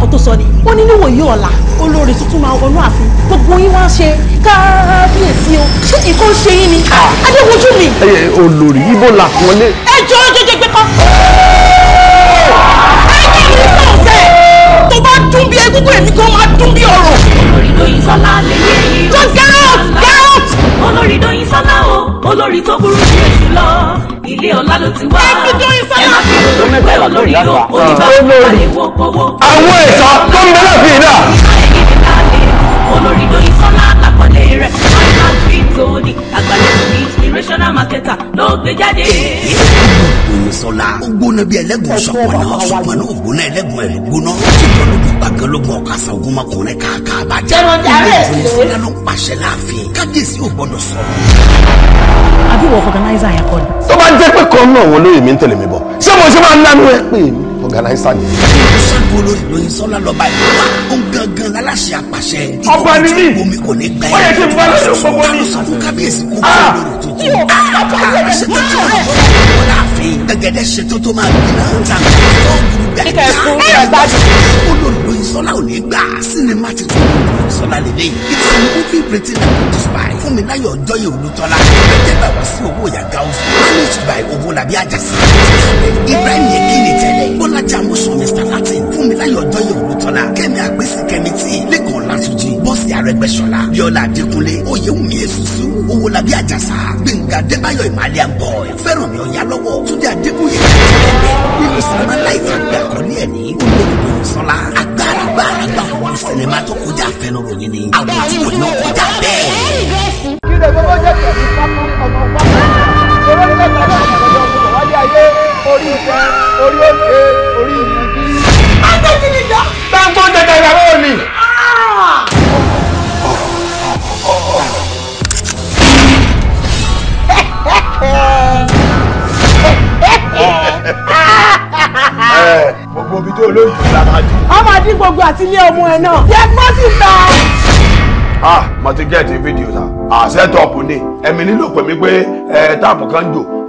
kan tó sọ ni ó ní níwòye ọ̀la olórí tuntun máa wọnú ààfin gbogbo yín wá ṣe kábíyèsí o ṣé ìkó ń ṣe yín ni adéwojú mi. ẹ olórí ibo là wọn lé. ẹ jọ jẹjẹ gbé kan. ẹ jẹ́ mi sọ ọ̀sẹ̀ tó bá dún bí egúngún èmi kan máa dún bí ọ̀rọ̀. olórí Dóyìnsọ́lá lè yé yìí. just get out get out. olórí Dóyìnsọ́lá o olórí tó burú sí èsì lọ ilé ọlá ló ti wá ẹ má fi olórí pé olórí yóò oníbà balẹ̀ wọ pọ̀wọ́. àwọn ẹ̀sà tó ń bẹ̀rẹ̀ fi náà. olórí Doyin Fọlá lápọ̀lẹ́ rẹ̀ máa fi tòun ní àgbàlẹ́ motivational marketer ló gbé jáde. Gbèsọ̀la ó gbóná bí ẹlẹ́gùn sọ̀pọ̀nà sọ̀pọ̀nà ó gbóná ẹlẹ́gùn ẹ̀ ló gbóná. Ṣèjọ́ ló gbà gẹ́lógún ọ̀ka sàgún ọmọkùnrin kàkà àbájá. Jẹ́rọ̀ dàrẹ́ ẹ̀ ló. Gbèsọ̀la ló pàṣẹ láàfin. Kábíyèsí ò gbọ́dọ̀ sọ̀rọ̀. Àbí wọ fọ̀gánáísà yẹn kọ́ ni. Tó bá jẹ́ pé kan náà wọlé èmi ń tẹ̀lé mi bọ̀, ṣé mo ṣe máa ń lánú ẹ pé èmi? ọ̀gánáísà ni. ṣàkó lórí ìròyìn sọ́lá lọ́ba ìlú wa ó ń gangan aláṣẹ àpàṣẹ. ọba ni mí omi kò ní gbẹ. ó yẹ kí n bá lọ́dọ̀ gbogbo ní. sọ́kún kábíyèsí kò fún mi rẹ̀ tuntun. àpàṣẹ tó tó rẹ̀ wọ́n náà fi gẹ́gẹ́dẹ́ ṣe tó tó máa gbìnà tàbí tó gbùgbà. kíkẹ́ fún ìgbàgbọ́. olórí ìròyìn sọ́lá ò ní gbà sinimá ti tó sọ́lá lédè yìí. ọjọ́ yìí olùtọ́lá. ẹgbẹ́ bá wá sí owó ìyàgá òfin. managed by owó làbí àjàsí. Ibrahim yekini tẹ́lẹ̀. bọ́lá ajá mọ́sán mr latin fúnmiláyọ̀ ọjọ́yẹ̀ olùtọ́lá kẹ́mi àgbèsè kẹ́mi tí lẹ́kọ̀ọ́ látúnjì bọ́sì àrẹgbẹ́sọ̀la yọlá adékúnlé oyèwùmí èsùsù owólabí àjàsà gbẹ̀ngà débáyọ̀ ìmàlẹ́ àbọ̀ fẹ́rànmi ọ̀yálọ́wọ́ túndé adébúyè nínú sinimá láìsí àgbà àkọ́lé ẹ̀ ní olóògbé sọlá agbára agbára agbára wa sinimá tó kọjá ayé orí ìfẹ́ orí òkè orí ìyànjú. ọjọ́ ti lè jọ. táǹkó jẹjẹ ìyàwó mi. gbogbo ibi tó olóyè la máa di. a máa di gbogbo àtìlé ọmọ ẹ náà. yẹ kó sì gbà. ah mo ti gẹ́ẹ̀tì fídíò sa àṣẹ tọ́pù ni ẹ̀mí nílò pèmí pé ẹ̀ eh, táàpù kan jò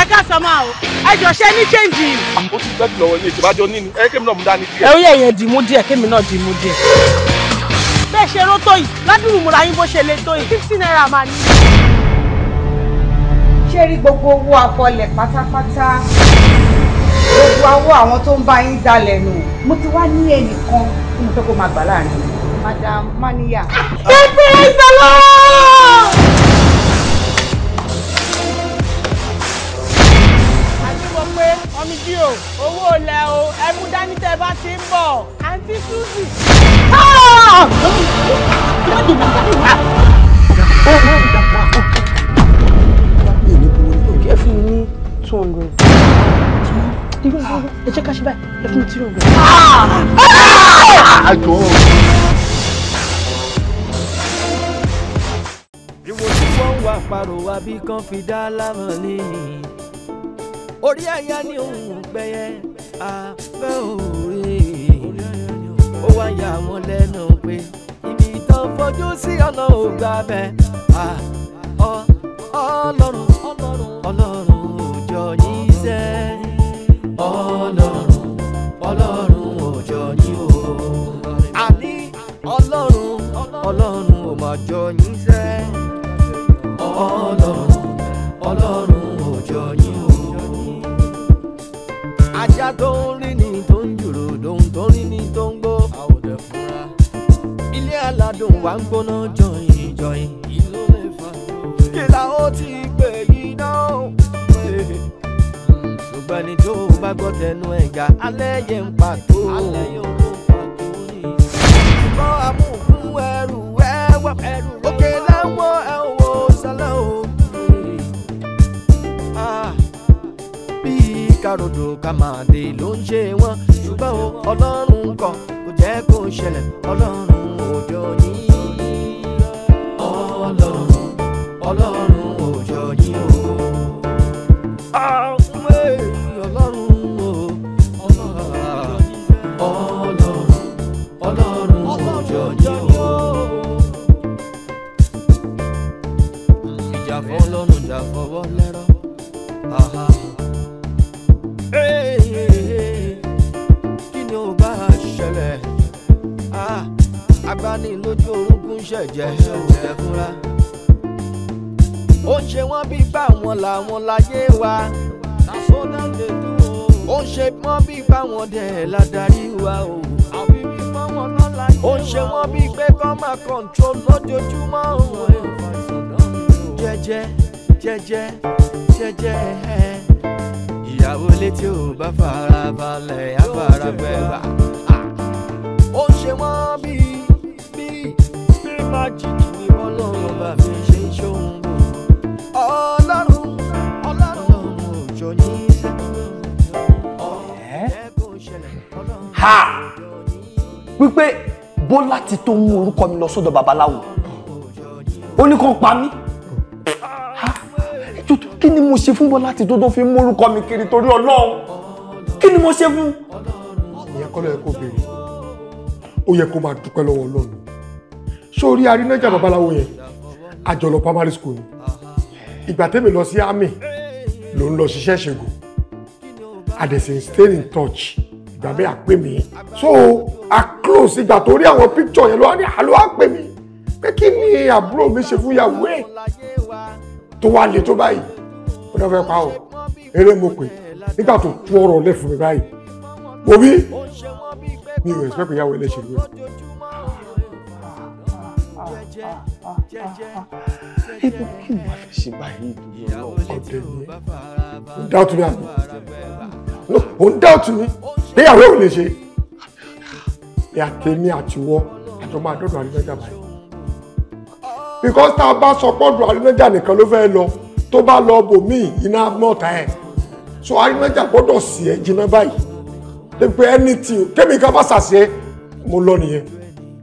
ẹ ká sọ máa o ẹ jọ ṣe ní change yìí. ó ti gbẹ́jú lọ́wọ́ ilé ìṣèbájọ́ níní ẹ kémi náà mú dání díẹ̀. ẹ ó yẹ ìyẹn dìímú díẹ̀ kémi náà dìímú díẹ̀. bẹ́ẹ̀ ṣe ró tó yìí ládùúgbò múra yín bó ṣe lè tó yìí fifteen naira máa ní. ṣé rí gbogbo owó àfọlẹ̀ pátápátá gbogbo owó àwọn tó ń bá yín dalẹ̀ nù mo ti wá ní ẹnìkan tí mo fẹ́ kó máa gbà láàrin madam maniya. ẹ pé ìgbàlọ́. rédíò owó olè o ẹ mú dání tẹ bá ti ń bọ̀ àǹtí Suzy. ẹ fún ní two hundred. ẹ jẹ́ ká ṣe báyìí ẹ fún mi three hundred. àjọ. ìwòsàn wọn wà pariwo àbí kan fi dá lámọ̀ lẹ́yìn orí àyà ni òun gbẹyẹ afẹ́ òre ó wá yà wọ́n lẹ́nu pé ibi tán fojú sí ọ̀nà ògbà bẹ́ ọlọ́run ọlọ́run òjò yín ọlọ́run ọlọ́run òjò yín o àní ọlọ́run ọlọ́run ò mà jọ yín ọlọ́run. ajá tó ń rìn ní tó ń jùrò dòun tó ń rìn ní tó ń gbó. àwòdẹ fúnra. ilé aládùn wa ń gbóná jọyìn jọyìn. ìlú lè fà tó. kìlà ó ti pè yí náà. ṣùgbọ́n ẹni tó bá gbọ́ tẹnu ẹ̀ ga alẹ́ yẹn ń pàtó. alẹ́ yẹn ń pàtó ní ṣùgbọ́n amúkún ẹrù ẹwà. ẹrù láwọn ẹwà. rodò ká máa dé ló ń ṣe wọ́n ṣùgbọ́n o ọlọ́run kọ kò jẹ́ kó ṣẹlẹ̀ ọlọ́run òjò ní. ọlọ́run ọlọ́run. àwọn láyé wa sàfọ́dà lè tó o. ó ń ṣe wọ́n bí báwọn dẹ̀ ládarí wa o. ó ń ṣe wọ́n bí pé kọ́ máa control lójoojúmọ́ o. jẹ́jẹ́ jẹ́jẹ́ jẹ́jẹ́ ìyàwó létí ò bá fara balẹ̀ á fara gbẹ̀bà. Ah, ah. ó ń ṣe wọ́n bí bí bí májèjì. wípé Bọ́lá ti tó mú orúkọ mi lọ sọ́dọ̀ babaláwo ó ní kó pa mí kí ni mo ṣe fún Bọ́lá ti tó tó fi mú orúkọ mi kiri torí Ọlọ́run kí ni mo ṣe fún. ìyẹn kọ́ ló yẹ kó béèrè ó yẹ kó máa dúpẹ́ lọ́wọ́ Ọlọ́run sórí arínájà babaláwo yẹn àjọlọ primary school ni ìgbà tẹ́mi lọ sí army ló ń lọ ṣiṣẹ́ ṣègùn adẹ̀sìn stay in touch gbàgbé àpè mí so a close ìgbà tó rí àwọn picture yẹn ló wá ní àlọ́ àpè mí pé kí ni àbúrò mi ṣe fún ìyàwó ẹ̀ tó wá le tó báyìí ó náà fẹ́ pa ọ́ eré mo pè nígbà tó tú ọ̀rọ̀ lẹ̀ fún mi báyìí mo bí mi ò expect ìyàwó ẹ̀ lẹ́sẹ̀ lóyún. ibo kí ni wàá fi ṣe báyìí ìdúró ọ̀dẹ̀ mi ò mi àná ò mi níyàwó ò lè ṣe ìyàtẹ̀mí àtiwọ́ àjọ máa dọ́dọ̀ àrínájà báyìí because tá a bá sọ pọ́dọ̀ àrínájà nìkan ló fẹ́ lọ tó bá lọ bòmíì iná mọ́ta ẹ̀ so àrínájà gbọ́dọ̀ sí ẹ jiná báyìí débi pé anything kémi kan bá ṣàṣẹ mo lọ nìyẹn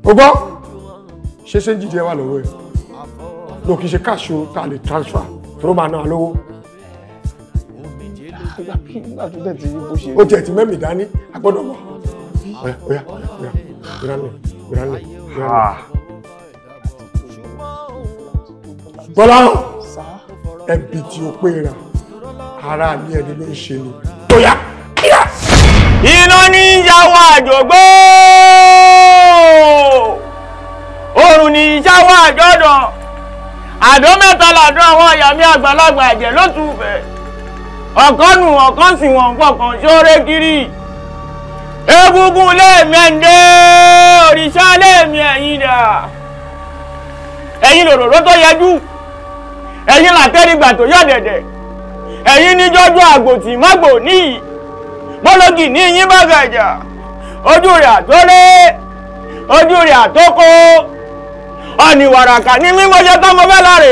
o gbọ́ ṣe ṣe ń jíjẹ wà lọ́wọ́ ẹ̀ lókì ṣe káṣó tá a lè transfer tó máa ná lówó nígbà tó dẹ̀ ti bó ṣe. ó tiẹ̀ ti mẹ́mì dání a gbọ́dọ̀ mọ̀ ọ̀yà ọ̀yà ọ̀yà ìrànlẹ̀ ìrànlẹ̀ ìrànlẹ̀. bọ́lá ẹbí tí o pé ra ara ní ẹni ló ń ṣe ni tó yá. iná ní yàwó àjọgbó oòrùn ní yàwó àjọdàn àdó mẹ́ta làdó àwọn àyàmí àgbàlagbà ẹ̀jẹ̀ ló tún ọ̀kánù ọ̀kán sì wọ̀n fọkàn ṣóore kiri egungun léèmí ẹ̀ǹdẹ́ òrìṣà léèmí ẹ̀yìn dà ẹ̀yin lòròró tó yẹjú ẹ̀yin làtẹ́rìgbà tó yọ̀ dẹ̀dẹ̀ ẹ̀yin níjọ́jú àgbòtì mágbò níyì mọ́lọ́gì ní yín bá gàjà ojú rẹ̀ àtọ́lé ojú rẹ̀ àtọ́kọ́ ọ̀nì ní mímọ́jọ́ tọ́mọ láre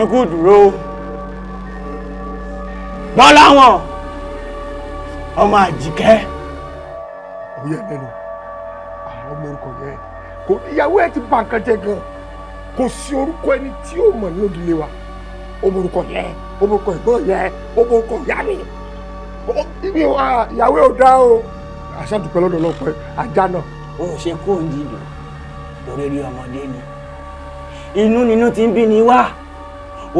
ẹ kú dúró bọ́láwọn ọmọ àjìkẹ́. ó yẹ lẹ́nu àwọn ọmọ orúkọ yẹn kò ìyàwó ẹ ti bà nǹkan jẹ́ gan kò sí orúkọ ẹni tí ó mọ̀ nínú ìdílé wa ọmọ orúkọ yẹn ọmọ orúkọ ẹ̀gbọ́n yẹn ọmọ orúkọ ìyá mi ibi wa ìyàwó ò dá o àṣàdùpẹ́ lọ́dọ̀ ọlọ́pẹ́ ajá náà. o ṣe kó ń dìdò rí ọmọdé ni inú nínú ti ń bí ni wá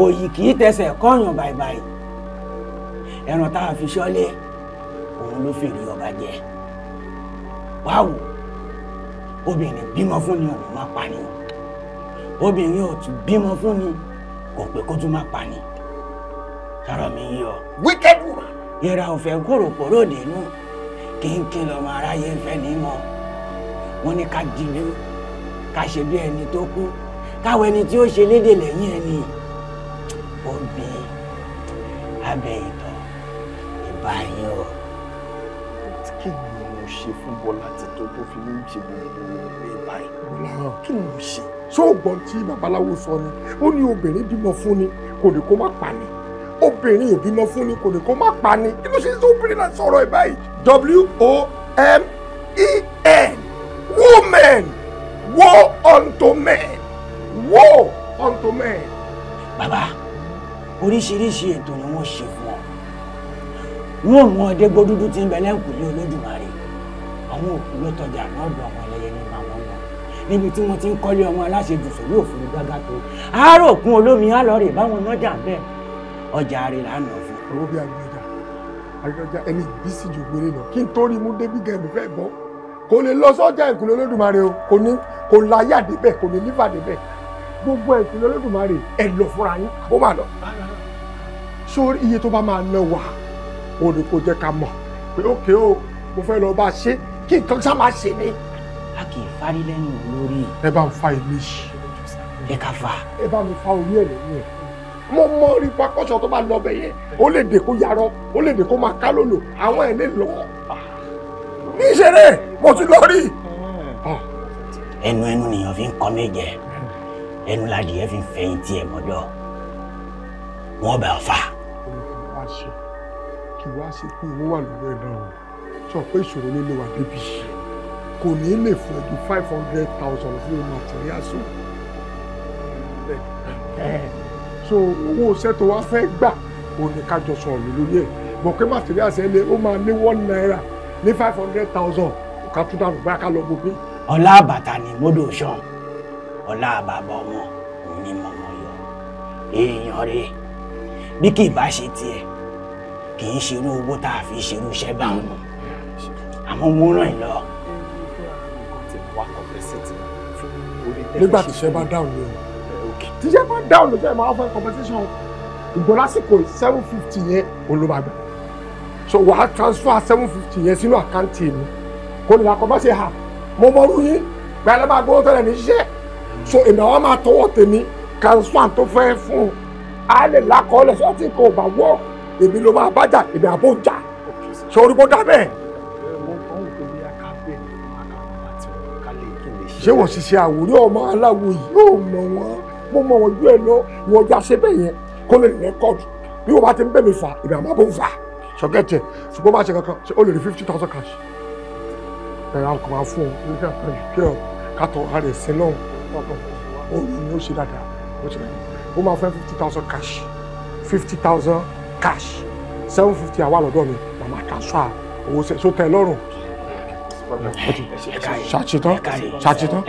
òyì kì í tẹsẹ̀ kọ́yàn bàìbàì ẹran tá a fi ṣọ́lé òun ló fèrè ọba jẹ wá wò obìnrin bímọ fún ni òun máa pani obìnrin ò tún bímọ fún ni kò pé kó tún máa pani sọ̀rọ̀ mi yí ọ. wicked woman. ìra ò kòròkòrò dènú kínkín lọ́mọ aráyé ń fẹ́ ní mọ́ wọn ní ká dìlú ká ṣe bí ẹni tó kú káwọn ẹni tí ó ṣe lédè lẹ́yìn ẹni yìí obì abẹ́ ìtàn ìbáyọ̀ kí ni mo ṣe fún bọ́lá títọ́ tó fi ń ṣe gbogbo ìbáyọ̀ bọ́lá kí ni mo ṣe. sóògbọ́n tí babaláwo sọ ni ó ní obìnrin bímọ fún ni kò ní kó má pa ni obìnrin ìbímọ fún ni kò ní kó má pa ni kí ló ṣe sí obìnrin náà sọ̀rọ̀ ẹ̀ báyìí w-o-m-e-n woman woe unto men woe unto men. baba oríṣiríṣi ètò ni wọ́n ṣe fún ọ wọ́n mú ọdẹ́gbọ́ dúdú tí ń bẹ lẹ́ǹkùlé olódùmarè àwọn òkú ló tọjà náà bọ̀ àwọn ẹlẹ́yẹ ní màmá wọn níbi tí wọ́n ti ń kọ́lé ọmọ aláṣejù sórí òfin gbága tó àárò kún olómi á lọ rè báwọn nájà bẹ́ẹ̀ ọjà rè lánàá fún. owó bí agbèjà agbèjà ẹni ìbísí ju gbére lọ kí n tó rí mú débí gẹ̀ẹ́mù fẹ́ gbọ́ kò lè lọ sọ́jà ìkùlé olódùmarè o kò ní kò láyà débẹ̀ kò ní lífà débẹ̀ gbogbo ẹ̀sìn lọ́lọ́dúnmarè ẹ lọ fúnra yín ó mà lọ. sórí iye tó bá máa ná wa o ní kò jẹ́ ká mọ̀ pé òkè o mo fẹ́ lọ bá a ṣe kí nǹkan sá máa ṣe mí. a kì í fárí lẹ́nu olórí. ẹ bá ń fa èmi yìí. ẹ ká fa. ẹ bá mi fa orí ẹ lẹ́yìn ẹ̀ mo mọ ipa kọ́sọ̀ tó bá lọ bẹ̀ yẹn ó lè dè kó yarọ ó lè dè kó máa ká lòlò àwọn ẹ̀ lè lọ. ní ìṣeré mo ti lọ rí. ẹnu ẹnu nìyàn fi ń kọ́ méje ẹnu ládìyẹ fi fẹ̀yìn tiẹ̀ mọ́jọ́ wọ́n bẹ̀ fà. wá ṣe kí wá sí pé owó wà lọ́wọ́ ẹ̀ náà sọ pé ìṣòro ló lè wà débi kò ní lè fún ẹ ju five hundred thousand fún ohun materials o so owó iṣẹ́ tó wá fẹ́ gbà òun ni ká jọ sọ̀rọ̀ lórí ẹ̀ bọ̀ pé materials ẹ lé ó máa ní one naira ní five hundred thousand ká tún dànù báyà ká lọ gbogbo. ọlá àbàtà ni mọ́dọ̀ sàn ọlá bàbá ọmọ òun ni mọ̀mọ́ yọ èèyàn rè bí kì í bá ṣe tiẹ̀ kì í ṣerú owó tá a fi ṣerú iṣẹ́ bá wọn àmọ́ mo ràn ẹ́ lọ. nígbà tíṣẹ́ bá dáhùn ni o tíṣẹ́ bá dáhùn ló fẹ́ máa fẹ́ compensation ìgbọ́n lásìkò seven fifty yẹn olùbàdàn so wàá transfer seven fifty yẹn sínú àkáǹtì mi kò ní àkọ́bá ṣe hà mo mọ̀ ọ́rú yín gbàdúrà bá gbowó tọ́lẹ̀ ní ṣiṣẹ́ so èmi àwọn máa tọwọ́ tèmi kanṣuan tó fẹ́ fún un á lè lákọọ́lẹ̀ sọ́tì kò bá wọ́ èmi ló máa bájà èmi àbò ń jà ṣe orí bó dá bẹ́ẹ̀. ṣé wọ́n ṣiṣẹ́ àwòrí ọmọ aláwo yìí yóò mọ̀ wọ́n mo mọ̀ wọ́n ju ẹ lọ ìwọ ọjà ṣe bẹ́ẹ̀ yẹn kó lè rẹ́kọ̀dù bí wọ́n bá ti ń bẹ̀ mí fà èmi àmọ́ bó ń fà ṣọ̀gẹ́tẹ̀ ṣùgbọ́n bá ṣe kankan ṣe ó lè rí fifty thousand cash ẹ̀rọ àkọ́mọ́ fún un nígbà kan yìí kí ọ kátó ara ẹ̀ sí lọ́hùn. Oh, you know ó that, dáadáa ó ti bẹ̀rẹ̀ ó máa fifty thousand cash fifty thousand cash seven fifty àwa lọ́dọ̀ mi màmá transfer owó ṣe tó tẹ́ lọ́rùn ṣàtìtàn ṣàtìtàn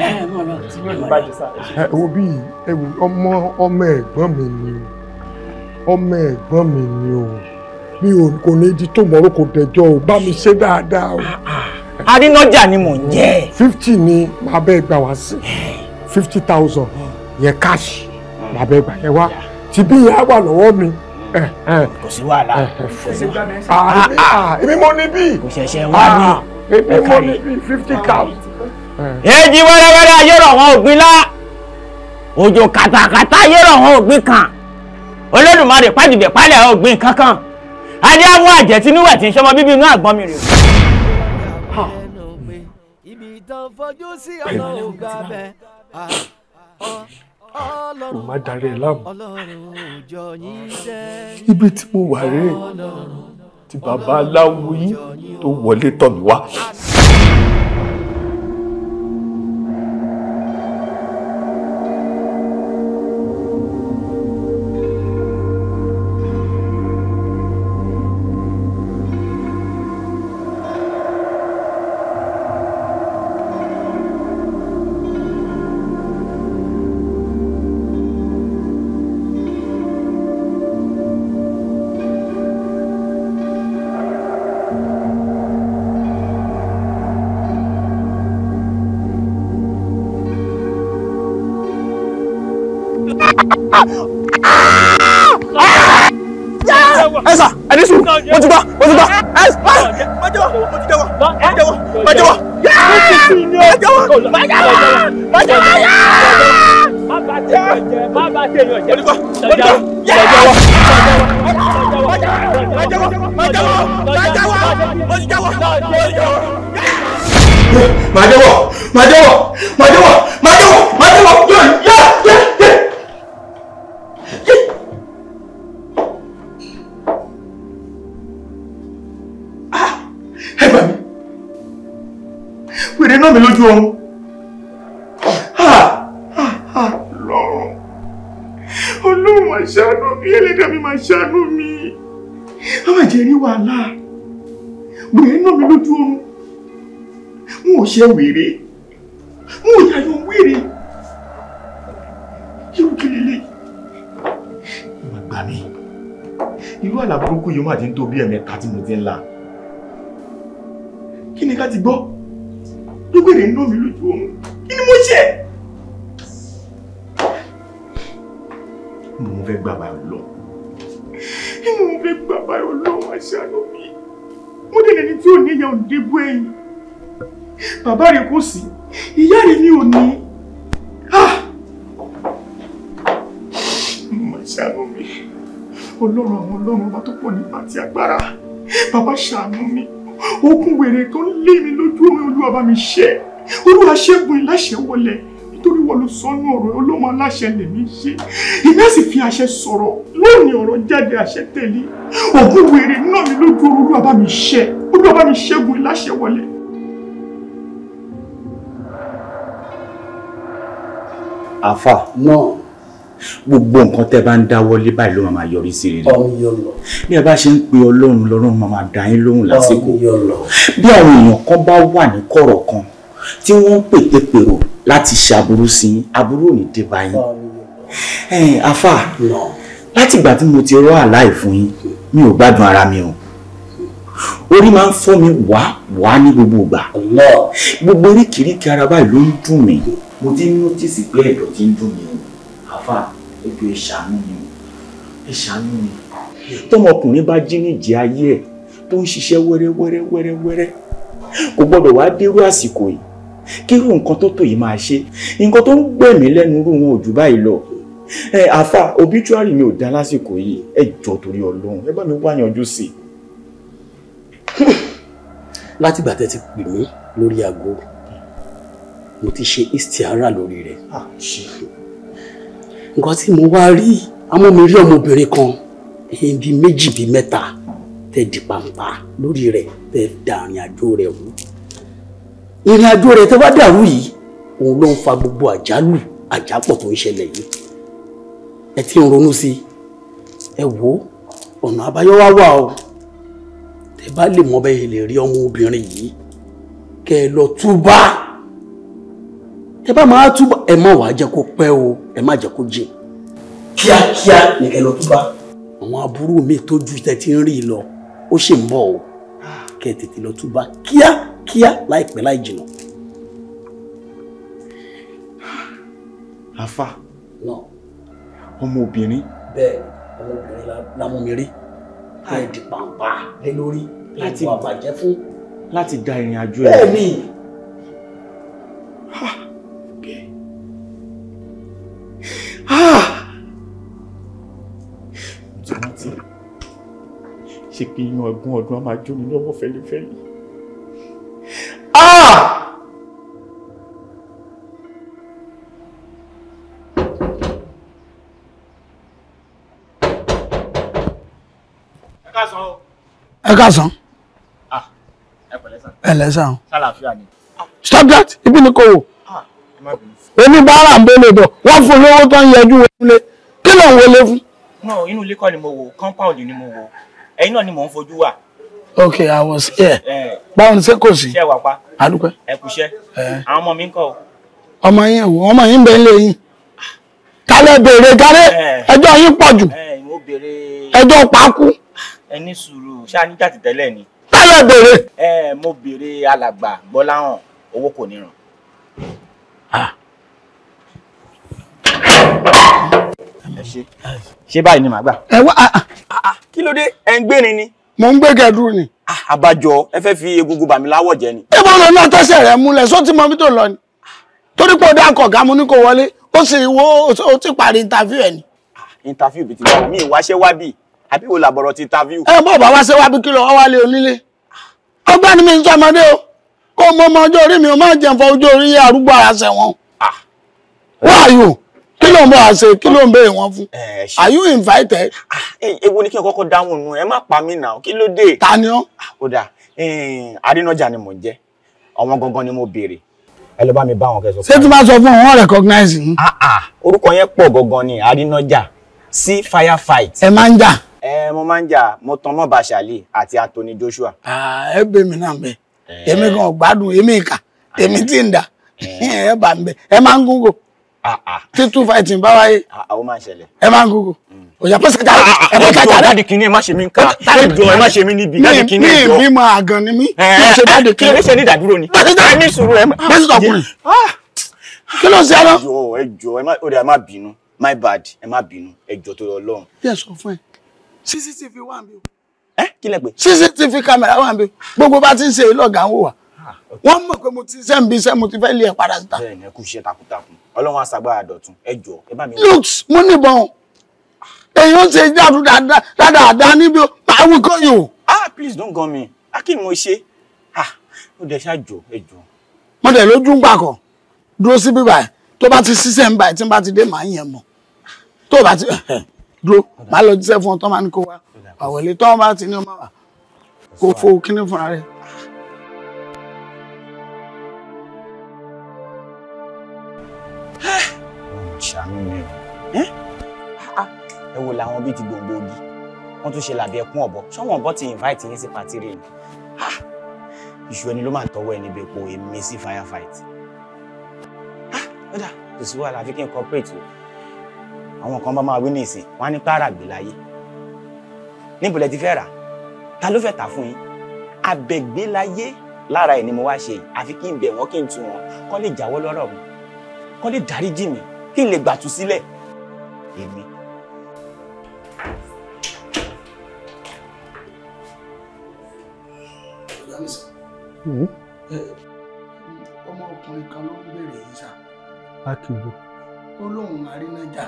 owó bíi ewu ọmọ ọmọ ẹ̀gbọ́n mi ni ọmọ ẹ̀gbọ́n mi ni o mi ò kò ní di tó mọ́rọ́ kò dẹjọ́ o bá mi ṣe dáadáa o. arínájà ah, ah. ni mò ń jẹ́. fifty ni màá bẹ́ẹ̀ gbà wá sí i fifty thousand yẹ káàṣì làbẹ́ gbà ẹ wá tí bí yẹn á wà lọ́wọ́ mi. Hmm. Eh, eh. kò sí wàhálà eh, kò sí wàhálà. Ah, ah, ah. èmi mo ní bí. kò ṣẹ̀ṣẹ̀ wá ní. èmi mo ní bí fifty thousand. èjì wẹ́rẹ́wẹ́rẹ́ ayé rọ̀ wọ́n ògbin lá òjò kàtàkàtà ayé rọ̀ wọ́n ògbin kan olódùmarè pàdìbẹ̀ pálẹ̀ ògbin kankan adé àwọn àjẹtínúwẹ̀ tí ń ṣọmọ bíbí inú àgbọn mi rè é. ìtàn fojú sí ọ̀nà ògbà kò má darí ẹ láàmú ibi tí mo wà rèé tí baba aláwo yín tó wọlé tọ̀ mí wá. máa jáwọ́ mo ti jáwọ́ mo ti jáwọ́. máa jáwọ́ máa jáwọ́ máa jáwọ́ máa jáwọ́ máa jáwọ́ yóò yá yá yá. ẹ gbà mí wèrè náà mi lójú ọrùn lọ́rùn ah! ah! ah! ọlọ́run máa ṣàánú mi ẹlẹ́dàá mi máa ṣàánú mi ṣe rí wàhálà wèrè náà mi lójú oorun n ò ṣe wèrè n ò yàyọ wèrè irú kí lélẹ̀ ìmọ̀ gbà mí irú àlà burúkú yìí ó mà ti ń tó bí ẹ̀mẹ́ta tí mo ti ń la kí ni ká ti gbọ́ lókèrè ń lómi lójú oorun kí ni mo ṣe. mo fẹ́ gbàgbà lọ kí ni òun fẹ́ gbà báyọ̀ lọ́wọ́ àṣàánú mi mo dé lẹni tí ò ní ìyá òǹdé bú ẹ̀yìn bàbá rẹ̀ kò sí ìyá rẹ̀ ni ò ní. Ah! ṣàánú mi ọlọ́run àwọn ọlọ́run ọba tó pọ̀ nípa ti agbára bàbá ṣàánú mi okùn wèrè tó ń lé mi lójú omi olúwa bá mi ṣe olúwa ṣẹ́gun ìláṣẹ wọlé torí wọ́n ló sọ nú ọ̀rọ̀ olóhùn aláṣẹ lèmi ṣe ìyá sì fi àṣẹ sọ̀rọ̀ lónìí ọ̀rọ̀ jáde àṣẹ tẹ̀lé ògùn wèrè náà mi lójú orú olú àbá mi ṣẹ olú àbá mi ṣẹ́gun ìláṣẹ wọlé. àfà náà gbogbo nǹkan tẹ́ bá ń dáwọ́lé báyìí ló máa yọrí sí rere bí ẹ bá ṣe ń pe ọlọ́run lọ́rùn máa dá yín lóhùn lásìkò bí àwọn èèyàn kan bá wà ní kọ̀rọ̀ kan tí wọ́n ń pètèpèrò láti ṣàbúrú sí yín aburú ò ní dé bá yín ẹ̀yin afa láti ìgbà tí mo ti rọ àláì fún yín mi ò gbádùn ara mi o orí máa ń fọ́ mi wá wá ní gbogbo ìgbà gbogbo oríkìíríkìí ara báyìí ló ń dùn mí mo ti ń nọ́tìsì pé ẹ̀dọ̀ ti ń dùn mí o àfà ètò ẹ mi o mi. tọmọkùnrin bá jí níjì ayé ẹ tó ń ṣiṣẹ́ wẹ́rẹ́wẹ́rẹ́wẹ́rẹ́wẹ́rẹ́ kò gbọ́dọ̀ wá dérú àsìkò yìí kírú nǹkan tó tò yìí máa ṣe nǹkan tó ń gbè mí lẹ́nu irú wọn ò jù báyìí lọ ẹ àfa obituary mi ò dá lásìkò yìí ẹ jọ torí Ọlọ́run ẹ bá mi wá yanjú sí i. látìgbà tẹ́ ti pè mí lórí aago mo ti ṣe istiara lórí rẹ̀ ah, nǹkan tí mo wá rí àmọ́ mi rí ọmọbìnrin kan ẹyin méjì bíi mẹ́ta tẹ́ di pàǹpà lórí rẹ̀ tẹ́ da àjò rẹ̀ wò ìrìn àjò rẹ̀ tẹ́ wá dàrú yìí òun ló ń fa gbogbo àjálù àjápọ̀ tó ń ṣẹlẹ̀ yìí ẹ ti ń ronú sí ẹ wò ó ọ̀nà àbáyọ wá wà o tẹ́ bá lè mọ bẹ́ẹ̀ lè rí ọmọ obìnrin yìí kẹ́ ẹ lọ túbá tẹ́ bá máa túbá ẹ má wàá jẹ́ kó pẹ́ o ẹ má jẹ́ kó jìn kíákíá ní kẹ́ lọ túbá àwọn aburú mi tó ju tẹ́ ti ń rí lọ ó ṣì ń bọ̀ o kẹ́ tètè lọ túbá kíá kíá láìpẹ́ láì jìnà. àfa. náà. ọmọbìnrin. bẹ́ẹ̀ ọmọbìnrin lámúmirí láì di pàǹpà lé lórí láti wà bàjẹ́ fún. láti da ìrìn àjò ẹ̀. bẹ́ẹ̀ ni. ṣe pé inú ọgbọ́n ọdún a máa jó mi lọ́wọ́ fẹ́lifẹ́li. Ah! ẹ káàsán. ẹlẹ ah, sàn. stop that ibi ni kò wò. oníbàárà ń bọ́lẹ̀ bọ̀ wọ́n fún olówó tó ń yẹjú wọlé kí ló ń wọlé fún. inú ilé kọ́ ni mo wò compound ni mo wò ẹ̀yin náà ni mò ń Ok, i was here. Eh, eh. báwo ni ṣé kò sí. ṣé wà pa. adúpẹ́. ẹ kú iṣẹ́. Eh. àwọn ọmọ mi ń kọ́ o. ọmọ yín wò ọmọ yín bẹ́ẹ̀ lé yín. kálẹ̀ béèrè gárẹ́ ẹjọ́ yín pọ̀ jù. ẹjọ́ pàákú. ẹ ní sùúrù ṣáà níjà tẹ̀tẹ̀lẹ̀ ni. kálẹ̀ béèrè. ẹ mo béèrè alàgbà gbọ́láhàn owó kò ní ràn. Ah. ṣe báyìí ni màá gbà. ẹ wá ah, ah, kí ló dé ẹ ń gbérin ni mo ń gbé gẹ̀dúrú ni. Ah, àbájọ ẹ fẹ́ fi egungun bàmí láwọ̀ jẹ ni. ẹ bá lọ náà tẹ́sẹ̀ rẹ̀ múlẹ̀ só ti tó lọ ni torí pé ó dá kọ̀ọ̀gá mo ní kó wọlé ó sì wo ó ti parí interview ẹ̀ ni. Ah, interview bìtì mi ìwáṣẹ́ wá bì àbí wo làbọ̀rọ̀ ti interview. ẹ bọ́ bá wá ṣe wá bí kí lọ wá wálé onílé ah. ọgbẹ́ni mi ń sọ ọmọdé o kó mọ ọmọ ọjọ́ orí mi ò má jẹun fọ ọjọ́ orí arúgbó ara sẹ́wọ̀n. wáyò kí ló ń bọ̀ àṣẹ kí ló ń bẹ̀ wọ́n fún eh, are you invited. Ah, eh, ewu ni kí n kọ́kọ́ dáhùn nù ẹ má pa mí nà kí ló dé. ta ni ọ. Ah, ó dà eh, ni mò ń jẹ ọmọ gangan ni mo béèrè ẹ lọ bá mi bá wọn kẹsàn. ṣé tí bá sọ fún wọn recognize mi. Ah, orúkọ yẹn pọ̀ gangan ni àrínájà sí firefight. ẹ máa ń jà. ẹ mo máa ń jà mo tan mọ́ Bàṣálì àti Anthony Joshua. ẹ bẹ mi náà bẹ èmi kan gbádùn èmi ìkà èmi tí ń dà ẹ bá ń bẹ ẹ máa ń gúngò tí two fighting bá wáyé ah, ah, ẹ máa ń gógó òyà pẹ́sẹ̀ jáde ẹ bọ́ jáde. dáàdì kìíní ẹ má ṣe mí ń ká ẹjọ ẹ má ṣe mí níbi dáàdì kìíní ẹjọ. mi ìbímọ àgàn ni mí kí eh, n ṣe dáàdì kìíní. kí n ṣe ní ìdádúró ni. ẹ ní sùúrù ẹ má. bẹ́sẹ̀ ọkùnrin ah! kí ló ń ṣe ẹ lọ. ẹjọ ẹjọ ẹ má bínú my bad ẹ má bínú ẹjọ tó lọ lọrun. bí ẹ sọ fún ẹ cctv wà ń bí o. ẹ eh, kí lẹ pé. cctv camera wà ń bí gbogbo bá ti ń ṣe ìlọgà ń wò wá wọ́n mọ̀ pé mo ti ṣe ń bí iṣẹ́ mo ti fẹ́ lé ẹ̀ padà síta. bẹ́ẹ̀ ni ẹ kú iṣẹ́ takuntakun ọlọ́run aṣàgbára dọ̀tun ẹ jọ ẹ bá mi. looks mo níbọn èyí ó ṣe dáadú dáadáa níbi I will call you. ah please don't gun me akin ah, mo ṣe ah o dẹ ṣáàjọ ẹ jọ. mo dẹ̀ lójú ń pàkọ́ dúró sí bíbá ẹ̀ tó bá ti ṣiṣẹ́ ń bá ẹ̀ tí n bá ti dé màá yẹn mọ̀ tó bá ti dúró màá lọ jíṣẹ́ fún ọ tó máa ní kó wá àwẹ̀lẹ̀ tó bá ti ní ọmọ wa kò fo kíní fúnra rẹ̀. Eh? Ah, ah. ẹ wo làwọn bíi ti gbòǹgbò ogi wọ́n tún ṣe làbí ẹkún ọ̀bọ sọ́wọ́n ọ̀bọ ti invite yín sí pàtí rẹ̀ ni ìṣù ẹni ló máa ń tọwọ́ ẹni bẹ́ẹ̀ po èmi sí firefight kódà ah, kò sí wàhálà fi kí n corporate o àwọn kan bá máa wí ní ìsìn wọn á ní pààrà gbé láyé níbo lẹ ti fẹ́ rà ta ló fẹ́ tà fún yín abẹ́gbéláyé lára ẹ̀ ni mo wá ṣe yìí àfi kí n bẹ̀ wọ́n kí n tu wọn kọ́ lè jáwọ́ lọ́rọ̀ mi kọ́ lè dáríjì mi kí n lè gbàtú sílẹ̀. ọmọ ọkùnrin kan ló ń béèrè yìí sá. akíbo. ó lóun àrínájà.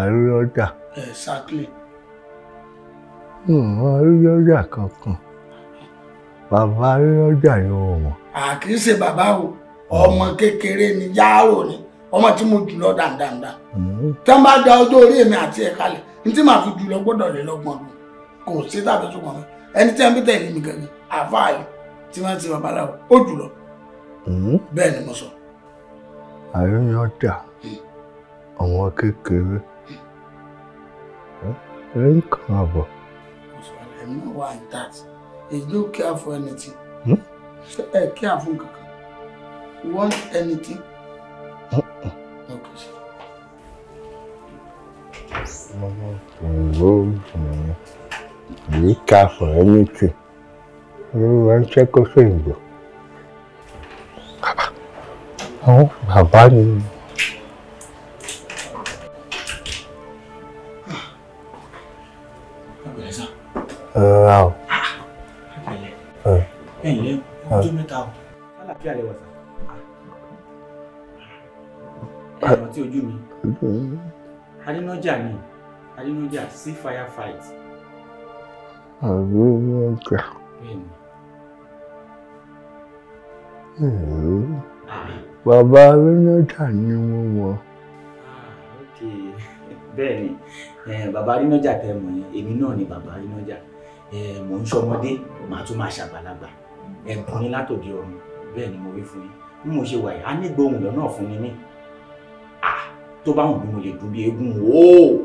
àrínájà. exactly. ǹmọ hmm, àrínájà kankan bàbá àrínájà ni ó wọ̀. àkì í ṣe bàbá o ọmọ kékeré ni yáàrò ni ọmọ tí mo jùlọ dáadáa. Hmm. tí wọ́n bá da ọjọ́ orí èmi àti ẹ̀ kalẹ̀ ní tí màá fi jùlọ gbọ́dọ̀ lé lọ́gbọ̀n ọdún kò sí tàbí ṣùgbọ́n ẹni tí wọ́n bí tẹ̀lé mi gẹ̀gẹ̀ àfáàyè tí wọ́n ti babaláwo ó jùlọ. Hmm? bẹ́ẹ̀ ni mo sọ. àríyàn dà àwọn kékeré hmm? ẹ ń kàn àbọ̀. ẹ̀mí náà wà ní tààtì èyí ló kí àfọ ẹni tí hmm? ẹ kí àfọ kankan want anything. Okay, sir. Mama, I'm going to be careful anything olúwa ń ṣẹ́kọ́ sóyìnbó. bàbá àwọn bàbá ni. rárá o. ẹ ǹlẹ́ ọjọ́ mẹ́ta o àlàáfíà rẹ wà sá. ẹ ẹ̀ rántí ojú mi adínájà ni adínájà sí firefight. àbí ọjà. bẹ́ẹ̀ ni bàbá arínájà ni mo mọ̀. Ah, bẹ́ẹ̀ ni eh, bàbá arínájà tẹ́ mọ̀ yẹn èmi náà ni bàbá arínájà eh, mò ń ṣọmọdé màá tún máa ṣàgbàlagbà ẹ̀bùn ni látòdì ọ̀run bẹ́ẹ̀ ni mo wí fún yín bí mo ṣe wà yìí á ní gbóhùn lọ́nà fún mi ní ah, tó bá wùn mí mo lè dún bí eégún ooo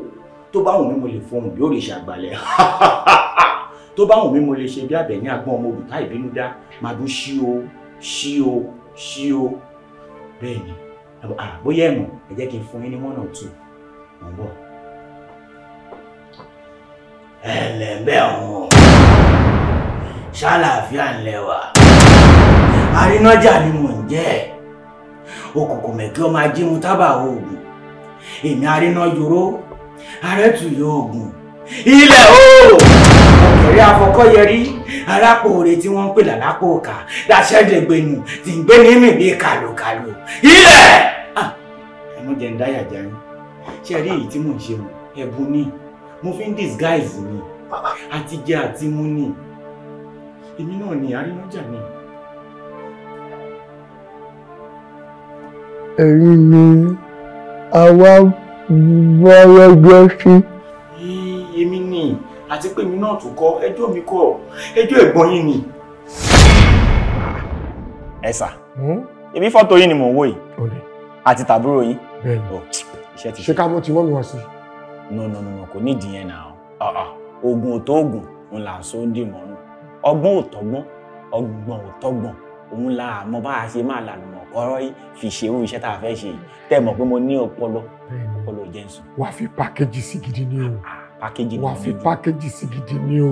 tó bá wùn mí mo lè fohùn bí òrìṣà àgbàlẹ̀ tó bá wùn mí mo lè ṣe bí àbẹ̀ ní agbọ́n ọmọ olùká ìbínú dá màá dún sí o ṣí o ṣí o bẹ́ẹ̀ ni bóyá ẹ̀mọ̀ ẹ jẹ́ kí n fún yín ní one or two mò bọ̀. ẹ lẹ̀ ṣàlàáfíà ńlẹ̀ wà àrínájà ni mò ń jẹ́ òkùnkùn mẹ̀kí ọmọ ajé mu tábà oògùn èmi àríná yoró arẹ́tù yóò gùn ilẹ̀ o ọ̀kẹ́rẹ́ afọkọ́yẹrí arákòore tí wọ́n ń pè lálákò ọ̀kà láṣẹ́dẹ̀gbẹ̀nù tí ń gbé ní mìbí kàlòkàlò ilẹ̀. Ah, ẹnu ile. ń dáyà jẹ yín ṣé rí èyí tí mò ń ṣe o ẹ̀bùn ni mo fi ń disguise ni àti jẹ àti mú ni èmi náà ni arínájà ni. èyí ni àwa bọ́ ẹgbẹ́ sí. èmi ni àti pé mi náà tún kọ́ ẹjọ́ mi kọ́ ẹjọ́ ẹ̀gbọ́n yín ni. ẹ sà hmm? ibi fọ́tò yín ni mò ń wò yìí àti tàbúrò yín. bẹ́ẹ̀ni oh, iṣẹ́ ti ṣe ká mọ ti mọ mi wá sí. no no no kò nídìí yẹn náà ah, ah. oògùn ò tó oògùn òun là ń so ń dì mọ́nú ọgbọ́n ò tọ́gbọ́n ọgbọ́n ò tọ́gbọ́n òun là mọ bá a ṣe máa lànà ọ̀rọ̀ yìí fi ṣe irú iṣẹ́ tá a fẹ́ ṣe tẹ́ mọ̀ pé mo ní ọpọlọ ọpọlọ jẹ́ ń sùn. wàá fi pàkéjì sí gidi ní o pákéjì wà fi pákéjì sí gidi ní o